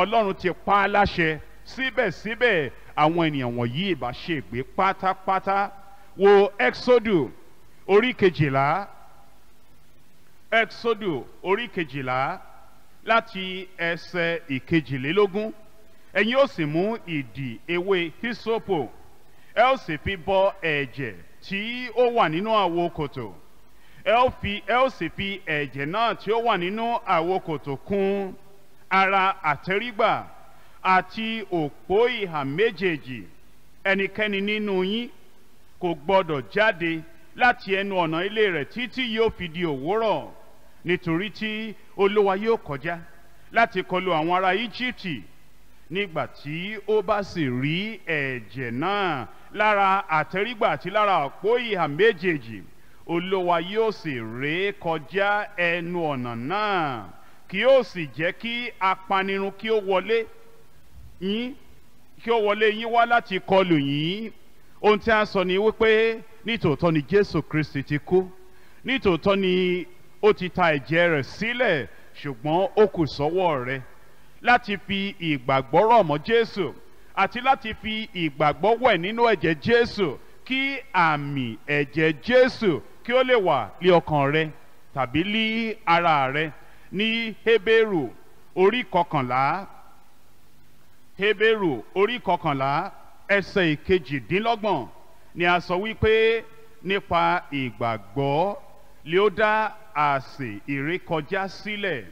Ọlọ́run ti pa á láṣẹ síbẹ̀síbẹ̀ àwọn ènìyàn wọ̀nyí ìbá ṣègbé pátápátá wo Exodus orí kejìlá Exodus orí kejìlá láti ẹsẹ̀ ìkejìlélógún ẹ̀yin ó sì mú ìdì ewé hisopo ẹ ó sì fi bọ ẹ̀jẹ̀ tí ó wà nínú àwo kòtò ẹ ó fi ẹ ó sì fi ẹ̀jẹ̀ náà tí ó wà nínú àwo kòtò kún ara àtẹrígbà àti òpó ìhà méjèèjì ẹnikẹ́ni nínú yín kò gbọ́dọ̀ jáde láti ẹnu ọ̀nà ilé rẹ̀ títí yóò fi di òwúrọ̀ nítorí tí olúwa yóò kọjá láti kọlu àwọn ará íjíbítì nígbà tí ó bá sì rí ẹ̀jẹ̀ náà lára àtẹrígbà àti lára òpó ìhà méjèèjì olúwa yóò sì ré kọjá ẹnu ọ̀nà náà kí ó sì jẹ́ kí apanirun kí ó wọlé yín kí ó wọlé yín wá láti kọlù yín ohun tí a sọ ni wípé nítòótọ́ ni jésù kristi ti kú nítòótọ́ ni ó ti ta ẹ̀jẹ̀ rẹ̀ sílẹ̀ ṣùgbọ́n ó kù sọ́wọ́ rẹ láti fi ìgbàgbọ́ rọ̀ mọ́ Jésù àti láti fi ìgbàgbọ́ wẹ̀ nínú ẹ̀jẹ̀ Jésù kí àmì ẹ̀jẹ̀ Jésù kí ó lè wà lé ọkàn rẹ tàbí lé ara rẹ ní Hébérù orí kọkànlá Hébérù orí kọkànlá ẹsẹ̀ ìkejìdínlọ́gbọ̀n ni a sọ wípé nípa ìgbàgbọ́ lè ó dá àsè ìrékọjá sílẹ̀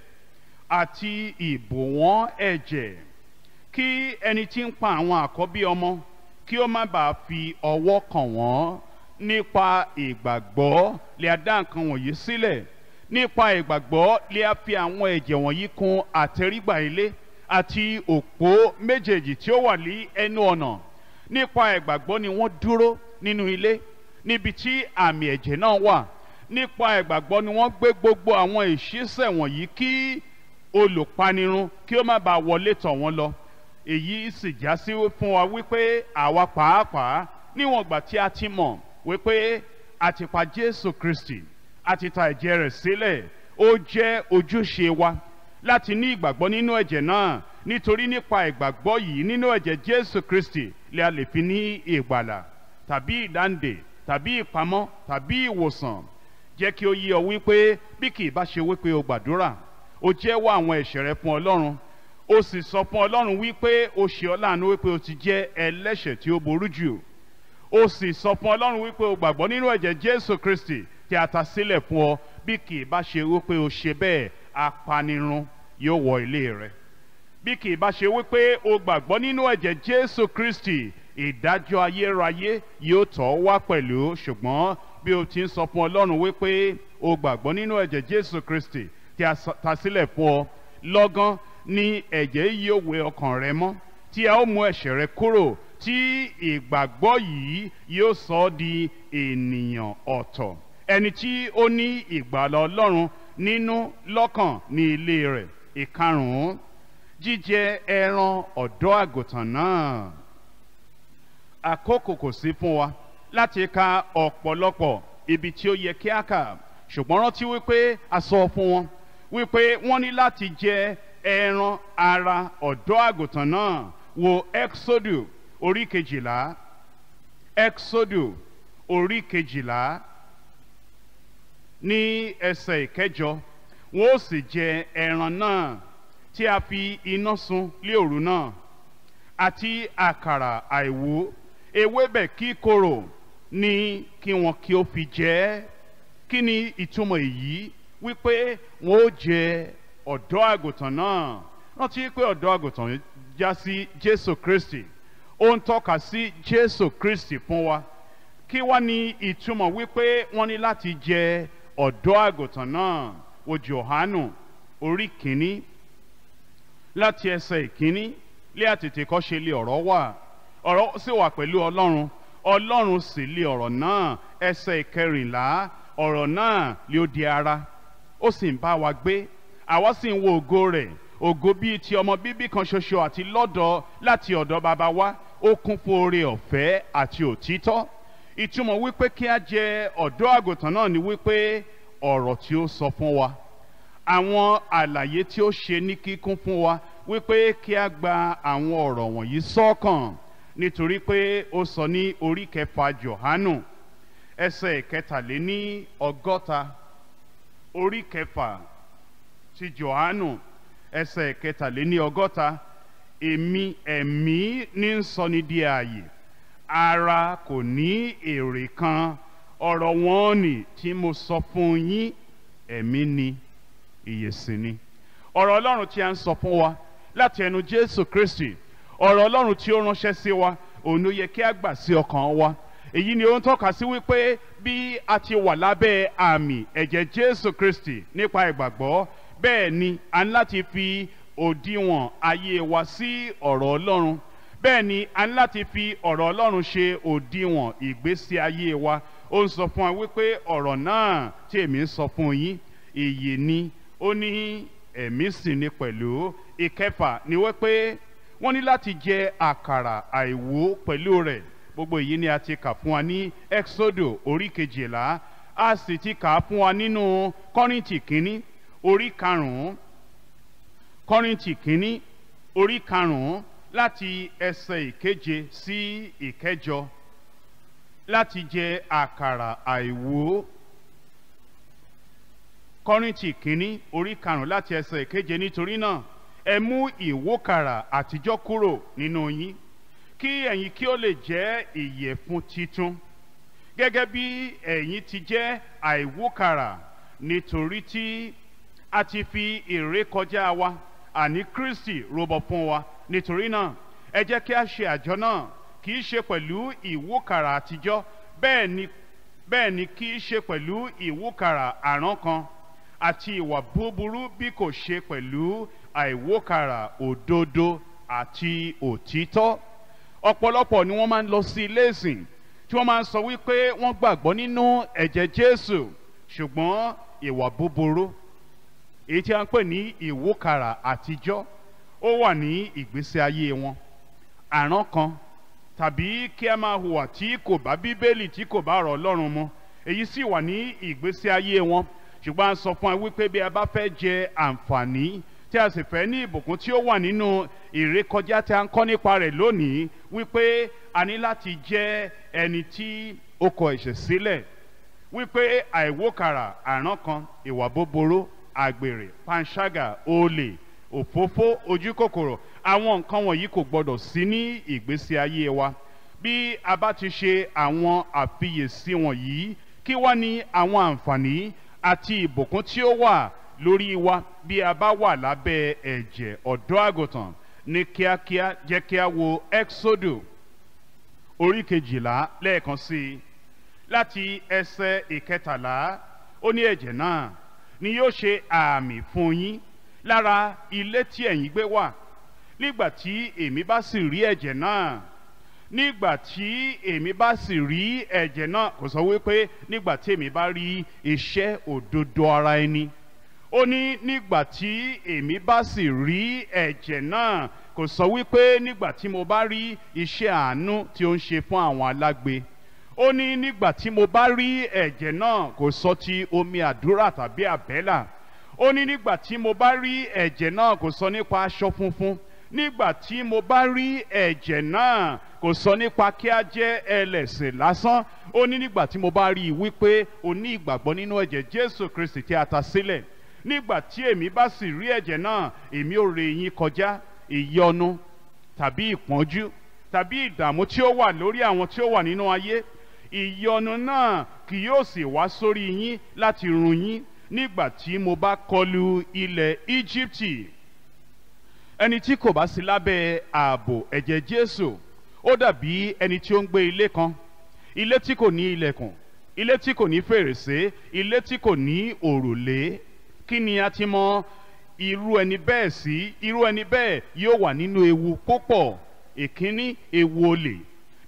àti ìbòwọ́n ẹ̀jẹ̀ kí ẹni tí ń pa àwọn àkọ́bí ọmọ kí ó má bàa fi ọwọ́ kàn wọ́n nípa ìgbàgbọ́ lè a dá nǹkan wọ̀nyí sílẹ̀ nípa ìgbàgbọ́ lè a fi àwọn ẹ̀jẹ̀ wọ̀nyí kùn àtẹrígbà ilé àti òpó méjèèjì tí ó wà ní ẹnu ọ̀nà nípa ìgbàgbọ́ ni wọ́n dúró nínú ilé níbi tí àmì ẹ̀jẹ̀ náà wà nípa ìgbàgbọ́ ni wọ́n gbé gbogbo àwọn ìṣísẹ̀ wọ̀nyí kí olùpanirun kí ó má bàa wọlé tọ̀ wọ́n lọ èyí sì já sí fún wa wípé àwa pàápàá níwọ̀n ìgbà tí a ti mọ̀ wípé a ti pa Jésù Kristi a ti ta ẹ̀jẹ̀ rẹ̀ sílẹ̀ ó jẹ́ ojúṣe wa láti ní ìgbàgbọ́ nínú ẹ̀jẹ̀ náà nítorí nípa ìgbàgbọ́ yìí nínú ẹ̀jẹ̀ Jésù Kristi lè a lè fi ní ìgbàlà tàbí ìdáǹdè tàbí ìpamọ́ tàbí ìwòsàn jẹ́ kí o yé ọ wípé bí kì í bá ṣe wípé o gbàdúrà o jẹ́wọ́ àwọn ẹ̀ṣẹ̀ rẹ fún ọlọ́run o sì sọ fún ọlọ́run wípé o ṣe ọ́ láàánú wípé o ti jẹ́ ẹlẹ́ṣẹ̀ tí ó burú jù o sì sọ fún ọlọ́run wípé o gbàgbọ́ nínú ẹ̀jẹ̀ jésù kristi tí a ta sílẹ̀ fún ọ bí kì í bá ṣe wípé o ṣe bẹ́ẹ̀ apanirun yóò wọ ilé rẹ bí kì í bá ṣe wípé o gbàgbọ́ nínú ẹ̀jẹ̀ jésù kristi ìdájọ́ ayérayé yóò tọ́ wá pẹ̀lú ṣùgbọ́n bí o ti ń sọ fún ọlọ́run wípé o gbàgbọ́ nínú ẹ̀jẹ̀ jésù kristi tí a ta sílẹ̀ fún ọ lọ́gán ni ẹ̀jẹ̀ yìí ó wẹ ọkàn rẹ mọ́ tí a ó mú ẹ̀ṣẹ̀ rẹ kúrò tí ìgbàgbọ́ yìí yóò sọ ọ́ di ènìyàn ọ̀tọ̀ ẹni tí ó ní ìgbàlà ọlọ́run nínú lọ́kàn ní ilé rẹ̀ ìkarùn-ún jíjẹ ẹran ọ̀dọ́ àgùntàn náà àkókò kò sí fún wa láti ka ọ̀pọ̀lọpọ̀ ibi tí ó yẹ kí á kà ṣùgbọ́n rántí wípé a sọ fún wọn wípé wọ́n ní láti jẹ ẹran ara ọ̀dọ́ àgùntàn náà wo exodu orí kejìlá exodu orí kejìlá ní ẹsẹ̀ ìkẹjọ wọ́n ó sì jẹ ẹran náà tí a fi iná sun lé òru náà àti àkàrà àìwú ewébẹ̀ kíkorò ní kí wọn kí ó fi jẹ kí ni ìtumọ̀ èyí wípé wọn ó jẹ ọ̀dọ́ àgùntàn náà rántí pé ọ̀dọ́ àgùntàn já sí Jésù Kristi ó ń tọ́ka sí Jésù Kristi fún wa kí wá ní ìtumọ̀ wípé wọ́n ní láti jẹ ọ̀dọ́ àgùntàn náà wo Jòhánù orí kìíní láti ẹsẹ̀ ìkíní lé àtètèkọ́ṣe lé ọ̀rọ̀ wà ọ̀rọ̀ sì wà pẹ̀lú Ọlọ́run ọlọ́run sì lé ọ̀rọ̀ náà ẹsẹ̀ ìkẹrìnlá ọ̀rọ̀ náà lé ó di ara ó sì ń bá wa gbé àwa sì ń wo ògo rẹ̀ ògo bíi ti ọmọ bíbí kan ṣoṣo àti lọ́dọ̀ láti ọ̀dọ̀ bàbá wa ó kún fún oore ọ̀fẹ́ àti òtítọ́ ìtumọ̀ wípé kí a jẹ ọ̀dọ́ àgùntàn náà ni wípé ọ̀rọ̀ tí ó sọ fún wa àwọn àlàyé tí ó ṣe ní kíkún fún wa wípé kí a gba àwọn ọ̀rọ̀ wọ̀nyí sọ́kàn. So nítorí pé ó sọ ní orí kẹfà Jòhánù ẹsẹ̀ ìkẹtàléní ọgọ́ta orí kẹfà ti Jòhánù ẹsẹ̀ ìkẹtàléní ọgọ́ta èmi ẹ̀mí ní ń sọni di ààyè ara kò ní èrè kan ọ̀rọ̀ wọn ni tí mo sọ fún yín ẹ̀mí ni ìyèsí ni ọ̀rọ̀ Ọlọ́run tí a ń sọ fún wa láti ẹnu Jésù Kristi ọ̀rọ̀ ọlọ́run tí ó ránṣẹ́ sí wa òun ló yẹ kí a gbà sí ọkàn wa èyí ni ó ń tọ́ka sí wípé bí a ti wà lábẹ́ àmì ẹ̀jẹ̀ Jésù Kristi nípa ìgbàgbọ́ bẹ́ẹ̀ ni a ní láti fi òdiwọ̀n ayé wa sí ọ̀rọ̀ ọlọ́run bẹ́ẹ̀ ni a ní láti fi ọ̀rọ̀ ọlọ́run ṣe òdiwọ̀n ìgbésí ayé wa ó ń sọ fún wa wípé ọ̀rọ̀ náà tí èmi ń sọ fún yín ìyè ni ó ní ẹ̀mí sì ni pẹ̀lú ìkẹfà ni wípé wọ́n ní láti jẹ àkàrà àìwò pẹ̀lú rẹ̀ gbogbo èyí ni a ti kà fún wa ní exodo orí kejìlá a sì ti kà fún wa nínú kọ́rìntì kínní orí karùn-ún kọ́rìntì kínní orí karùn-ún láti ẹsẹ̀ ìkeje sí ìkẹjọ láti jẹ àkàrà àìwò kọ́rìntì kínní orí karùn-ún láti ẹsẹ̀ ìkeje nítorí náà ẹ mú ìwókàrà àtijọ́ kúrò nínú yín kí ẹ̀yin kí ó lè jẹ́ ìyẹ̀fun titun gẹ́gẹ́ bí ẹ̀yin ti jẹ́ àìwókàrà nítorí tí a ti fi ìrékọjá wa àní Kristi rúbọ fún wa nítorí náà ẹ jẹ́ kí a ṣe àjọ náà kì í ṣe pẹ̀lú ìwúkàrà àtijọ́ bẹ́ẹ̀ ni bẹ́ẹ̀ ni kì í ṣe pẹ̀lú ìwúkàrà àrán kan àti ìwà búburú bí kò ṣe pẹ̀lú àìwókàrà òdodo àti òtítọ́ ọ̀pọ̀lọpọ̀ ni wọ́n máa ń lọ sí ilé ìsìn tí wọ́n máa ń sọ wípé wọ́n gbàgbọ́ nínú ẹ̀jẹ̀ Jésù ṣùgbọ́n ìwà búburú èyí tí a ń pè ní ìwókàrà àtijọ́ ó wà ní ìgbésí ayé wọn àrán kan tàbí kí a máa hùwà tí kò bá bíbélì tí kò bá ọ̀rọ̀ Ọlọ́run mu èyí sì wà ní ìgbésí ayé wọn ṣùgbọ́n a sọ fún wa wípé bí a bá fẹ́ jẹ àǹfààní tí a sì fẹ́ ní ìbùkún tí ó wà nínú ìrékọjá tí a ń kọ́ nípa rẹ̀ lónìí wípé a ní láti jẹ́ ẹni tí ó kọ ẹ̀ṣẹ̀ sílẹ̀ wípé àìwókàrà àrán kan ìwà búburú àgbèrè panṣágà olè òfófó ojúkòkòrò àwọn nǹkan wọ̀nyí kò gbọdọ̀ sí ní ìgbésí ayé wa bí a bá ti ṣe àwọn àfiyèsí wọ̀nyí kí wá ní àwọn àǹfààní àti ìbùkún tí ó wà lórí wa bí a bá wà lábẹ́ ẹ̀jẹ̀ ọ̀dọ́ àgùntàn ní kíákíá jẹ́ kí a wo exodo orí kejìlá lẹ́ẹ̀kan sí i láti ẹsẹ̀ ìkẹtàlá ó ní ẹ̀jẹ̀ náà ni yóò ṣe àmì fún yín lára ilé tí ẹ̀yin gbé wà nígbà tí èmi bá sì rí ẹ̀jẹ̀ náà nígbà tí èmi bá sì rí ẹ̀jẹ̀ náà kò sọ wípé nígbà tí èmi bá rí iṣẹ́ òdodo ara ẹni ó ní nígbà tí èmi bá sì rí ẹ̀jẹ̀ náà kò sọ wípé nígbà tí mo bá rí iṣẹ́ àánú tí ó ń ṣe fún àwọn alágbe ó ní nígbà tí mo bá rí ẹ̀jẹ̀ náà kò sọ ti omi àdúrà tàbí àbẹ́là ó ní nígbà tí mo bá rí ẹ̀jẹ̀ náà kò sọ nípa aṣọ funfun nígbà tí mo bá rí ẹ̀jẹ̀ náà kò sọ nípa kí a jẹ́ ẹlẹ́sẹ̀ lásán ó ní nígbà tí mo bá rí i wípé o ní ìgbàgbọ́ nínú ẹ̀jẹ̀ Jésù Kristi tí a ta sílẹ̀ nígbà tí èmi bá sì rí ẹ̀jẹ̀ náà èmi ó ré yín kọjá ìyọnu tàbí ìpọ́njú tàbí ìdààmú tí ó wà lórí àwọn tí ó wà nínú ayé ìyọnu náà kì yóò sì wá sórí yín láti run yín nígbà tí mo bá kọlu ilẹ̀ Íjíbítì ẹni tí kò bá sí lábẹ́ ààbò ẹ̀jẹ̀ Jésù ó dàbí ẹni tí ó ń gbé ilé kan ilé tí kò ní ilẹ̀kùn ilé tí kò ní fèrèsé ilé tí kò ní òrùlé kí ni a ti mọ irú ẹni bẹ́ẹ̀ sí irú ẹni bẹ́ẹ̀ yóò wà nínú ewu púpọ̀ èkíní ewu olè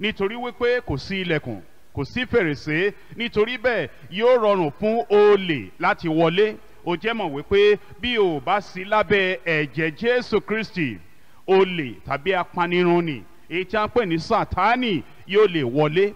nítorí wípé kò sí ilẹ̀kùn kò sí fèrèsé nítorí bẹ́ẹ̀ yóò rọrùn fún olè láti wọlé ó jẹ́ mọ̀ wípé bí o bá sí lábẹ́ ẹ̀jẹ̀ Jésù Kristi olè tàbí apanirun ni èyí tí a ń pè ní Sátánì yóò lè wọlé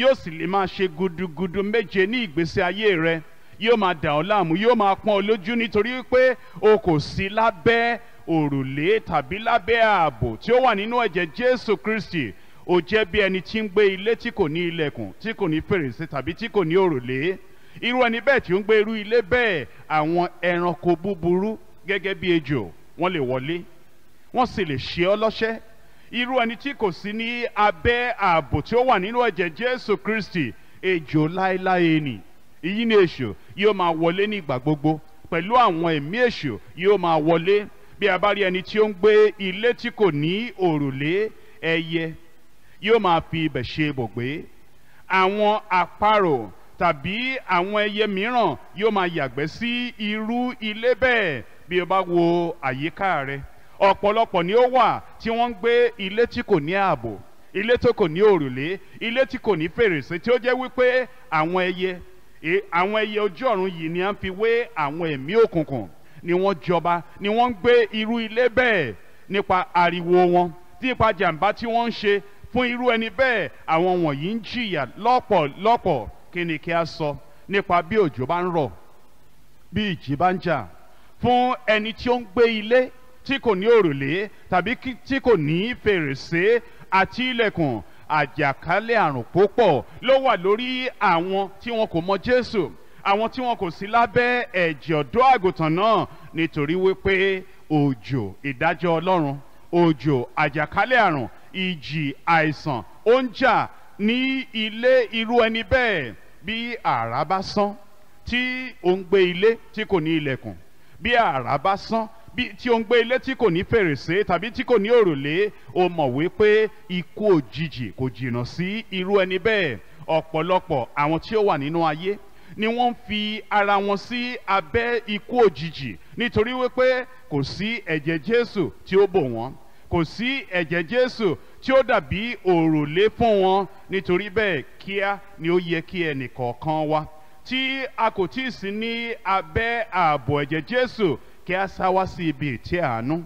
yóò sì lè máa ṣe gudugudu méje ní ìgbésí ayé rẹ yóò máa dà ọ́ láàmú yóò máa pọ́n ọ lójú nítorí pé o kò sí lábẹ́ òrùlé tàbí lábẹ́ ààbò tí ó wà nínú ẹ̀jẹ̀ Jésù Kristi o jẹ́ bí ẹni tí ń gbé ilé tí kò ní ilẹ̀kùn tí kò ní fèrèsé tàbí tí kò ní òrùlé irú ẹni bẹ́ẹ̀ tí ó ń gbé irú ilé bẹ́ẹ̀ àwọn ẹranko búburú gẹ́gẹ́ bí ejò wọ́n lè wọlé wọ́n sì lè ṣe ọ́ lọ́ṣẹ́ irú ẹni tí kò sí ní abẹ́ ààbò tí ó wà nínú ẹ̀jẹ̀ Jésù Kristi ejò láéláé ni èyí ni èṣù yóò máa wọlé ní ìgbà gbogbo pẹ̀lú àwọn ẹ̀mí èṣù yóò máa wọlé bí a bá rí ẹni tí ó ń gbé ilé tí kò ní òrùlé ẹyẹ yóò máa fi ibẹ̀ ṣe ibùgbé àwọn àparò tàbí àwọn ẹyẹ mìíràn yóò máa yàgbẹ́ sí irú ilé bẹ́ẹ̀ bí o bá wo àyíká rẹ ọ̀pọ̀lọpọ̀ ni ó wà tí wọ́n ń gbé ilé tí kò ní ààbò ilé tó kò ní òrùlé ilé tí kò ní fèrèsé tí ó jẹ́ wípé àwọn ẹyẹ àwọn ẹyẹ ojú ọ̀run yìí ni à ń fi wé àwọn ẹ̀mí òkùnkùn ni wọ́n jọba ni wọ́n ń gbé irú ilé bẹ́ẹ̀ nípa ariwo wọn nípa jàǹbá tí wọ́n ń ṣe fún irú ẹni bẹ́ẹ̀ àwọn wọ̀nyí ń jìyà lọ́pọ̀ lọ́pọ̀ kí ni kí a sọ nípa bí òjò bá ń rọ̀ bí ìjì bá ń jà fún ẹni tí ó ń gbé ilé tí kò ní òrùlé tàbí tí kò ní fèrèsé àti ilẹ̀kùn àjàkálẹ̀ àrùn púpọ̀ ló wà lórí àwọn tí wọn kò mọ Jésù àwọn tí wọn kò sí lábẹ́ ẹ̀jẹ̀ ọ̀dọ́ àgùntàn náà nítorí wípé òjò ìdájọ́ Ọlọ́run òjò àjàkálẹ̀ àrùn ìjì àìsàn ó ń jà ní ilé irú ẹni bẹ́ẹ̀ bí àrá bá sán tí ó ń gbé ilé tí kò ní ilẹ̀kùn bí àrá bá sán bí tí ó ń gbé ilé tí kò ní fèrèsé tàbí tí kò ní òrùlé o mọ̀ wípé ikú òjijì kò jìnnà sí irú ẹni bẹ́ẹ̀ ọ̀pọ̀lọpọ̀ àwọn tí ó wà nínú ayé ni wọ́n ń fi ara wọn sí abẹ́ ikú òjijì nítorí wípé kò sí ẹ̀jẹ̀ Jésù tí ó bò wọ́n kò sí ẹ̀jẹ̀ Jésù tí ó dàbí òrùlé fún wọn nítorí bẹ́ẹ̀ kíá ni ó yẹ kí ẹnì kọ̀ọ̀kan tí a kò tí ì sí ní abẹ́ ààbò ẹ̀jẹ̀ Jésù kí a sá wá sí ibi ìtẹ́ àánú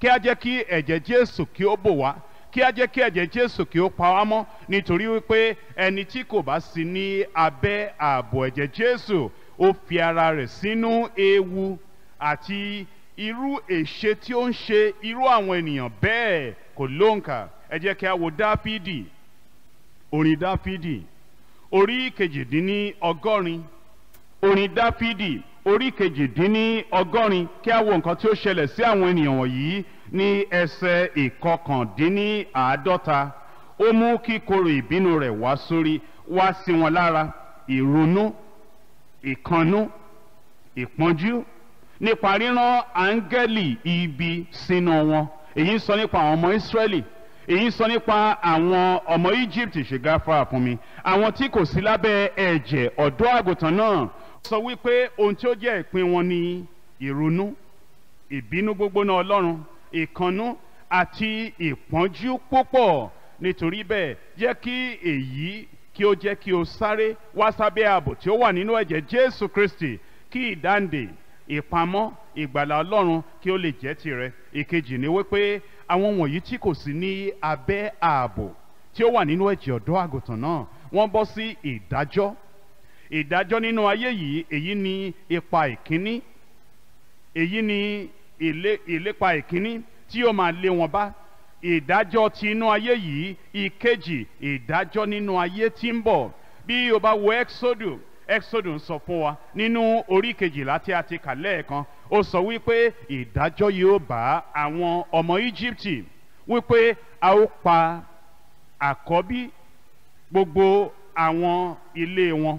kí a jẹ́ kí ẹ̀jẹ̀ Jésù kí ó bò wá kí a jẹ́ kí ẹ̀jẹ̀ Jésù kí ó pa wá mọ́ nítorí wípé ẹni tí kò bá sí ní abẹ́ ààbò ẹ̀jẹ̀ Jésù ó fi ara rẹ̀ sínú ewu àti irú èṣe tí ó ń ṣe irú àwọn ènìyàn bẹ́ẹ̀ kò lóǹkà ẹ jẹ́ kí a wo Dáfídì orin Dáfídì orí kejìdínní ọgọ́rin orin dáfídì orí kejìdínní ọgọ́rin kí a wo nǹkan tí ó ṣẹlẹ̀ sí àwọn ènìyàn wọ̀nyí ní ẹsẹ̀ ìkọkàndínní àádọ́ta ó mú kíkorò ìbínú rẹ̀ wá sórí wá sí wọn lára ìrunú ìkannú ìpọ́njú nípa ríran áńgẹ́lì ibi sínú wọn èyí ń sọ nípa àwọn ọmọ Ísírẹ́lì èyí ń sọ nípa àwọn ọmọ Egypt ṣègáfà fún mi àwọn tí kò sí lábẹ́ ẹ̀jẹ̀ ọ̀dọ́ àgùntàn náà sọ wípé ohun tí ó jẹ́ ìpín wọn ni ìrunú ìbínú gbógbóná Ọlọ́run ìkànnú àti ìpọ́njú púpọ̀ nítorí bẹ́ẹ̀ jẹ́ kí èyí kí ó jẹ́ kí o sáré wá sábẹ́ ààbò tí ó wà nínú ẹ̀jẹ̀ Jésù Kristi kí ìdáǹdè ìpamọ́ ìgbàlà Ọlọ́run kí ó lè jẹ́ tirẹ̀ ìkejì ni wípé àwọn wọ̀nyí tí kò sí ní abẹ́ ààbò tí ó wà nínú ẹ̀jẹ̀ ọ̀dọ́ àgùntàn náà wọ́n bọ́ sí ìdájọ́ ìdájọ́ nínú ayé yìí èyí ni ipa ìkíní èyí ni ìlépa ìkíní tí ó máa lé wọn bá ìdájọ́ ti inú ayé yìí ìkejì ìdájọ́ nínú ayé tí ń bọ̀ bí o bá wo exodus exodus sọ fún wa nínú orí kejìlá tí a ti kà lẹ́ẹ̀kan ó sọ wípé ìdájọ́ yóò bá àwọn ọmọ Íjíbítì wípé a ó pa àkọ́bí gbogbo àwọn ilé wọn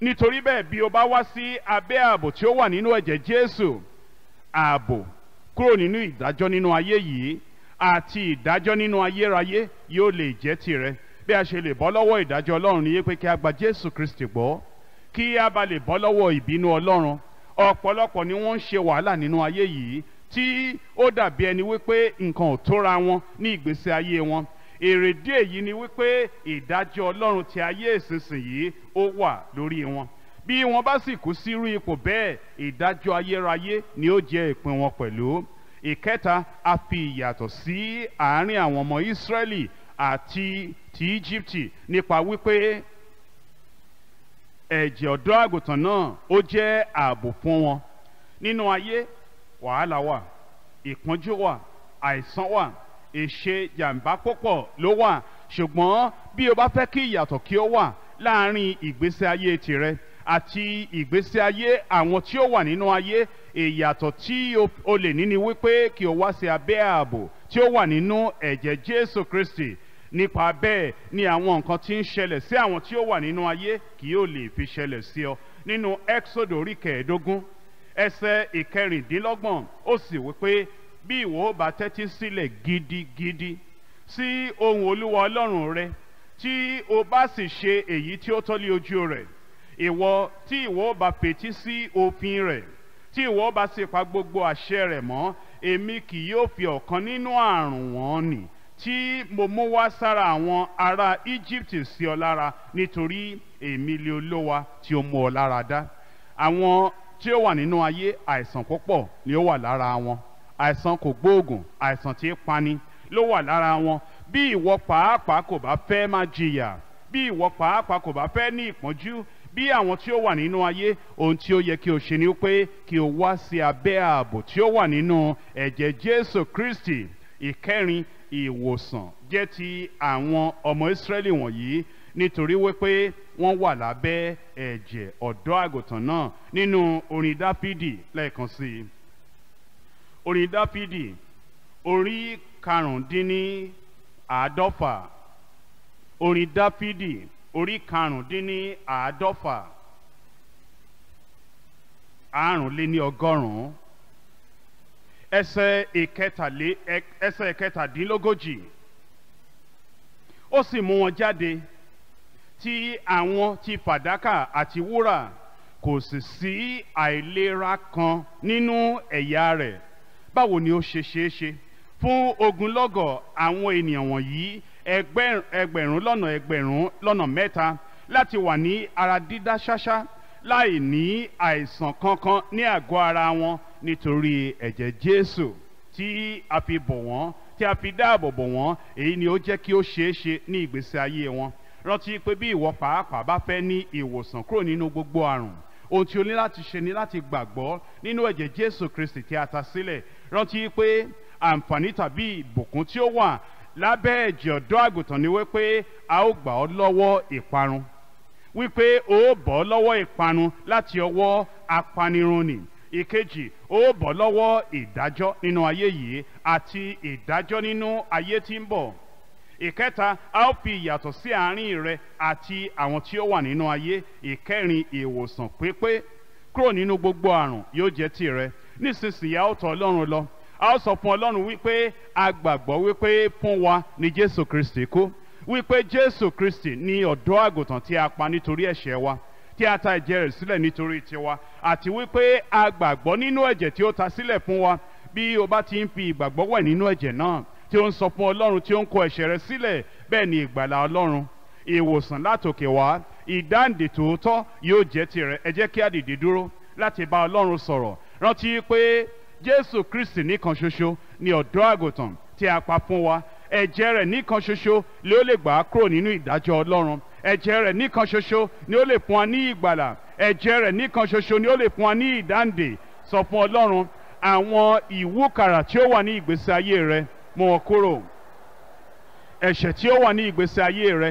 nítorí bẹ́ẹ̀ bí o bá wá sí abẹ́ ààbò tí ó wà nínú ẹ̀jẹ̀ Jésù ààbò kúrò nínú ìdájọ́ nínú ayé yìí àti ìdájọ́ nínú ayérayé yóò lè jẹ́ tirẹ̀ bí a ṣe lè bọ́ lọ́wọ́ ìdájọ́ Ọlọ́run ni yé pé kí a gba Jésù Kristi gbọ́ kí a bá lè bọ́ lọ́wọ́ ìbínú Ọlọ́run ọ̀pọ̀lọpọ̀ ni wọ́n ń ṣe wàhálà nínú ayé yìí tí ó dàbí ẹni wípé nǹkan ò tóra wọn ní ìgbésí ayé wọn èrèdí èyí ni wípé ìdájọ́ ọlọ́run ti ayé ìsinsìnyí ó wà lórí wọn bí wọn bá sì kú sírú ipò bẹ́ẹ̀ ìdájọ́ ayérayé ni ó jẹ́ ìpín wọn pẹ̀lú ìkẹta a fi ìyàtọ̀ sí àárín àwọn ọmọ Ísírẹ́lì àti ti Íjíbítì nípa wípé ẹ̀jẹ̀ ọ̀dọ́ àgùntàn náà ó jẹ́ ààbò fún wọn nínú ayé wàhálà wà ìpọ́njú wà àìsàn wà ìṣe jàǹbá púpọ̀ ló wà ṣùgbọ́n bí o bá fẹ́ kí ìyàtọ̀ kí ó wà láàárín ìgbésí ayé tirẹ̀ àti ìgbésí ayé àwọn tí ó wà nínú ayé ìyàtọ̀ tí o lè ní ni wípé kí o wá sí abẹ́ ààbò tí ó wà nínú ẹ̀jẹ̀ Jésù Kristi nípa bẹ́ẹ̀ ni àwọn nǹkan tí ń ṣẹlẹ̀ sí àwọn tí ó wà nínú ayé kì yóò lè fi ṣẹlẹ̀ sí ọ nínú Exodus orí kẹẹ̀ẹ́dógún ẹsẹ̀ ìkẹrìndínlọ́gbọ̀n ó sì wípé bí ìwọ bá tẹ́tí sílẹ̀ gidigidi sí ohun olúwa ọlọ́run rẹ tí o bá sì ṣe èyí tí ó tọ́lé ojú rẹ̀ ìwọ tí ìwọ bá fetí sí òfin rẹ̀ tí ìwọ bá sì pa gbogbo àṣẹ rẹ̀ mọ́ èmi kì yóò fi ọ̀kan nínú àrùn wọn nì tí mo mú wá sára àwọn ará Egypt sí ọ lára nítorí èmi lè olówa tí ó mú ọ lára dá àwọn tí ó wà nínú ayé àìsàn púpọ̀ ni ó wà lára wọn àìsàn kò gbóògùn àìsàn tí í pani ló wà lára wọn bí ìwọ pàápàá kò bá fẹ́ máa jìyà bí ìwọ pàápàá kò bá fẹ́ ní ìpọ́njú bí àwọn tí ó wà nínú ayé ohun tí ó yẹ kí o ṣe ni pé kí o wá sí abẹ́ ààbò tí ó wà nínú ẹ̀jẹ̀ Jésù Kristi ìkẹrin ìwòsàn jẹ́ ti àwọn ọmọ Ísírẹ́lì wọ̀nyí nítorí wípé wọ́n wà lábẹ́ ẹ̀jẹ̀ ọ̀dọ́ àgùntàn náà nínú orin Dáfídì lẹ́ẹ̀kan sí i orin dáfídì orí karùndínláàádọ́fà orin dáfídì orí karùndínláàádọ́fà àrùnléní ọgọ́rùn-ún ẹsẹ̀ ìkẹtàlé ẹsẹ̀ ìkẹtàdínlógójì ó sì mú wọn jáde tí àwọn ti fàdákà àti wúrà kò sì sí àìlera kan nínú ẹ̀yà rẹ̀ báwo ni ó ṣe ṣeé ṣe fún ogunlọ́gọ̀ àwọn ènìyàn wọ̀nyí ẹgbẹ̀rún lọ́nà ẹgbẹ̀rún lọ́nà mẹ́ta láti wà ní ara dídá ṣáṣá láì ní àìsàn kankan ní àgọ́ ara wọn nítorí ẹ̀jẹ̀ Jésù tí a fi bọ̀ wọ́n tí a fi dáàbò bò wọ́n èyí ni ó jẹ́ kí ó ṣeé ṣe ní ìgbésí ayé wọn rántí pé bí ìwọ pàápàá bá fẹ́ ní ìwòsàn kúrò nínú gbogbo àrùn ohun tí o ní láti ṣe ni láti gbàgbọ́ nínú ẹ̀jẹ̀ Jésù Kristi tí a ta sílẹ̀ rántí pé àǹfààní tàbí ìbùkún tí ó wà lábẹ́ ẹ̀jẹ̀ ọ̀dọ́ àgùntàn ni wípé a ó gbà ọ́ lọ́wọ́ ìparun wípé o ó bọ́ lọ́wọ́ ìparun láti ọwọ́ apanirun ni ìkejì ó bọ́ lọ́wọ́ ìdájọ́ nínú ayé yìí àti ìdájọ́ nínú ayé tí ń bọ̀ ìkẹta a ó fi ìyàtọ̀ sí àárín rẹ àti àwọn tí ó wà nínú ayé ìkẹrin ìwòsàn pípé kúrò nínú gbogbo àrùn yóò jẹ́ tìrẹ nísinsìnyí a ó tọ̀ ọlọ́run lọ a ó sọ fún ọlọ́run wípé a gbàgbọ́ wípé fún wa ni jésù kristi kú wípé jésù kristi ni ọ̀dọ́ àgùntàn tí a pa nítorí ẹ̀ṣẹ̀ wa tí a ta ẹ̀jẹ̀ rẹ̀ sílẹ̀ nítorí tiwa àti wípé a gbàgbọ́ nínú ẹ̀jẹ̀ tí ó ta sílẹ̀ fún wa bí o bá ti ń fi ìgbàgbọ́ wẹ̀ nínú ẹ̀jẹ̀ náà tí ó ń sọ fún ọlọ́run tí ó ń kọ ẹ̀ṣẹ̀ rẹ sílẹ̀ bẹ́ẹ̀ ni ìgbàlà ọlọ́run ìwòsàn látòkè wá ìdáǹdè tòótọ́ yóò jẹ́ tirẹ̀ ẹ jẹ́ kí a dìde dúró láti bá ọlọ́run sọ̀rọ̀ rántí pé jésù kristi nìkan ṣoṣo ni ọ̀dọ́ àgùntàn tí a pa fún wa ẹ̀jẹ̀ rẹ̀ nìkan ṣoṣo ló lè gbà á kúrò nínú ìdájọ́ ọlọ́run ẹ̀jẹ̀ rẹ̀ nìkan ṣoṣo ni ó lè fún wa ní ìgbàlà ẹ̀jẹ̀ rẹ̀ nìkan ṣoṣo ni ó lè fún wa ní ìdáǹdè sọ fún ọlọ́run àwọn ìwúkàrà tí ó wà ní ìgbésí ayé rẹ̀ mú wọn kúrò ẹ̀ṣẹ̀ tí ó wà ní ìgbésí ayé rẹ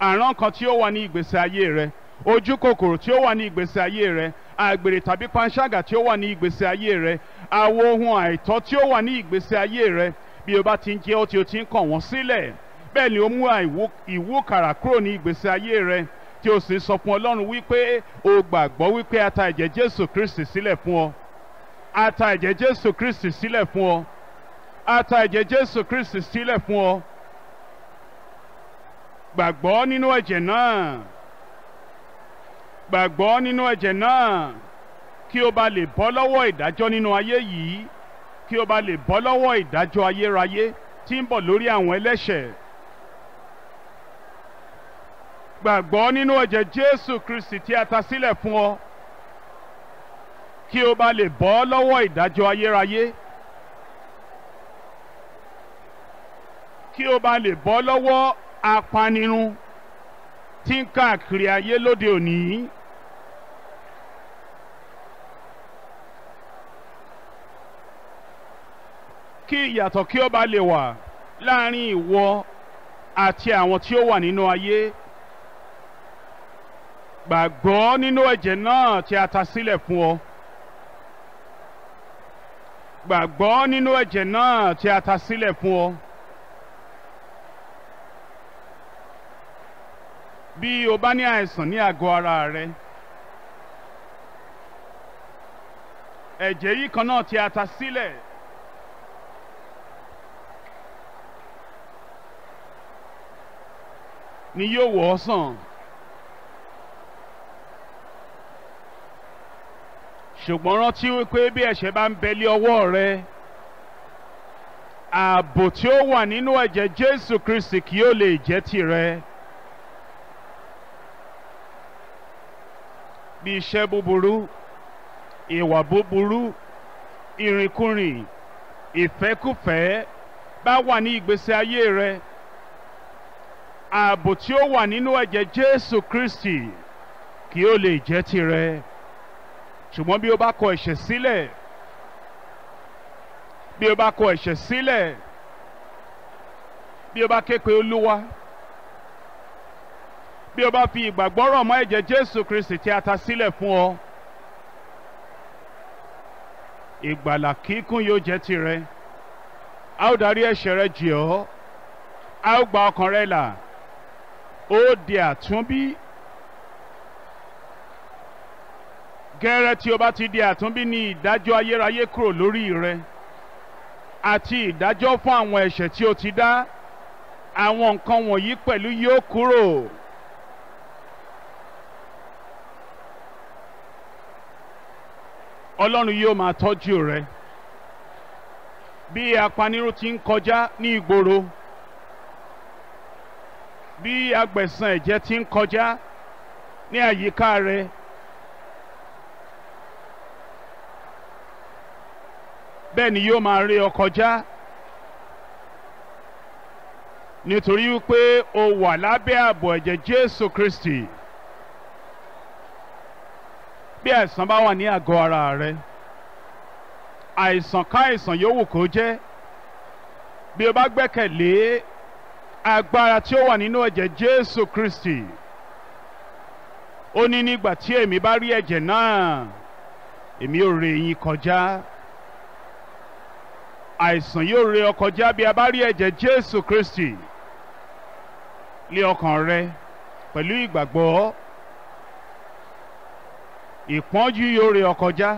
àrán kan tí ó wà ní ìgbésí ayé rẹ ojú kòkòrò tí ó wà ní ìgbésí ayé rẹ àgbèrè tàbí panṣágà tí ó wà ní ìgbésí ayé rẹ àwọn ohun àìtọ́ tí ó wà ní ìgbésí ayé rẹ bí o bá ti ń jẹ́ ó tí o ti ń kàn wọ́n sílẹ̀ bẹ́ẹ̀ ni ó mú ìwúkàrà kúrò ní ìgbésí ayé rẹ tí o sì sọ fún Ọlọ́run wípé o gbàgbọ́ wípé a ẹ̀jẹ̀ Jésù Kristi sílẹ̀ fún ọ a ẹ̀jẹ̀ Jésù Kristi sílẹ̀ fún ọ ata ẹ̀jẹ̀ Jésù Kristi sílẹ̀ fún ọ gbàgbọ́ nínú ẹ̀jẹ̀ náà gbàgbọ́ nínú ẹ̀jẹ̀ náà kí o bá lè bọ́ lọ́wọ́ ìdájọ́ nínú ayé yìí kí o bá lè bọ́ lọ́wọ́ ìdájọ́ ayérayé tí ń bọ̀ lórí àwọn ẹlẹ́ṣẹ̀ gbàgbọ́ nínú ẹ̀jẹ̀ Jésù Kristi tí a ta sílẹ̀ fún ọ kí o bá lè bọ́ lọ́wọ́ ìdájọ́ ayérayé. kí ó ba lè bọ́ lọ́wọ́ apanirun tí ń káàkiri ayé lóde òní. kí ìyàtọ̀ kí ó ba lè wà láàrin ìwọ àti àwọn tí ó wà nínú ayé gbàgbọ́ nínú ẹ̀jẹ̀ náà tí a ta sílẹ̀ fún ọ gbàgbọ́ nínú ẹ̀jẹ̀ náà tí a ta sílẹ̀ fún ọ. bí o bá ní àìsàn ní àgọ́ ara rẹ ẹ̀jẹ̀ yìí kan náà tí a ta sílẹ̀ ni yóò wọ̀ ọ́ sàn ṣùgbọ́n rántí wípé bí ẹ̀ṣẹ̀ bá ń bẹ lé ọwọ́ rẹ ààbò tí ó wà nínú ẹ̀jẹ̀ Jésù Kristi kì yóò lè jẹ́ tìrẹ. bí iṣẹ́ búburú ìwà búburú ìrìnkúrìn ìfẹ́kùfẹ́ bá wà ní ìgbésí ayé rẹ ààbò tí ó wà nínú ẹ̀jẹ̀ Jésù Kristi kí ó lè jẹ́ tirẹ ṣùgbọ́n bí o bá kọ ẹ̀ṣẹ̀ sílẹ̀ bí o bá kọ ẹ̀ṣẹ̀ sílẹ̀ bí o bá ké pe Olúwa bí o bá fi ìgbàgbọ́ rọ̀ mọ́ ẹ̀jẹ̀ jésù kristi tí a ta sílẹ̀ fún ọ ìgbàlà kíkún yóò jẹ́ tìrẹ a ó darí ẹ̀ṣẹ̀ rẹ jì ọ́ a ó gba ọkàn rẹ là ó di àtúnbí gẹ́rẹ́ tí o bá ti di àtúnbí ni ìdájọ́ ayérayé kúrò lórí rẹ àti ìdájọ́ fún àwọn ẹ̀ṣẹ̀ tí o ti dá àwọn nǹkan wọ̀nyí pẹ̀lú yóò kúrò. ọlọ́run yóò máa tọ́jú rẹ bí apaniru ti ń kọjá ní ìgboro bí agbẹ̀san ẹ̀jẹ̀ ti ń kọjá ní àyíká rẹ bẹ́ẹ̀ ni yóò máa rí ọ kọjá nítorí wípé o wà lábẹ́ ààbò ẹ̀jẹ̀ Jésù Kristi. bí àìsàn bá wà ní àgọ́ ara rẹ àìsàn káàìsàn yòówù kó jẹ́ bí o bá gbẹ́kẹ̀lé agbára tí ó wà nínú ẹ̀jẹ̀ Jésù Kristi ó ní nígbà tí èmi bá rí ẹ̀jẹ̀ náà èmi ò rè yín kọjá àìsàn yóò rè ọ kọjá bí a bá rí ẹ̀jẹ̀ Jésù Kristi lé ọkàn rẹ pẹ̀lú ìgbàgbọ́ ìpọ́njú yóò ré ọ kọjá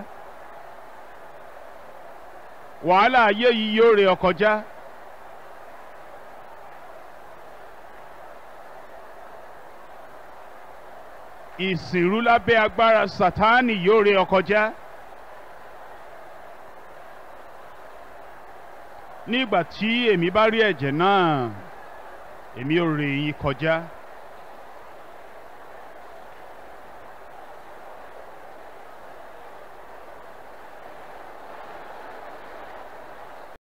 wàhálà ayé yìí yóò ré ọ kọjá ìsìnrú lábẹ́ agbára sátánì yóò ré ọ kọjá ní ìgbà tí èmi bá rí ẹ̀jẹ̀ náà èmi ò ré yín kọjá.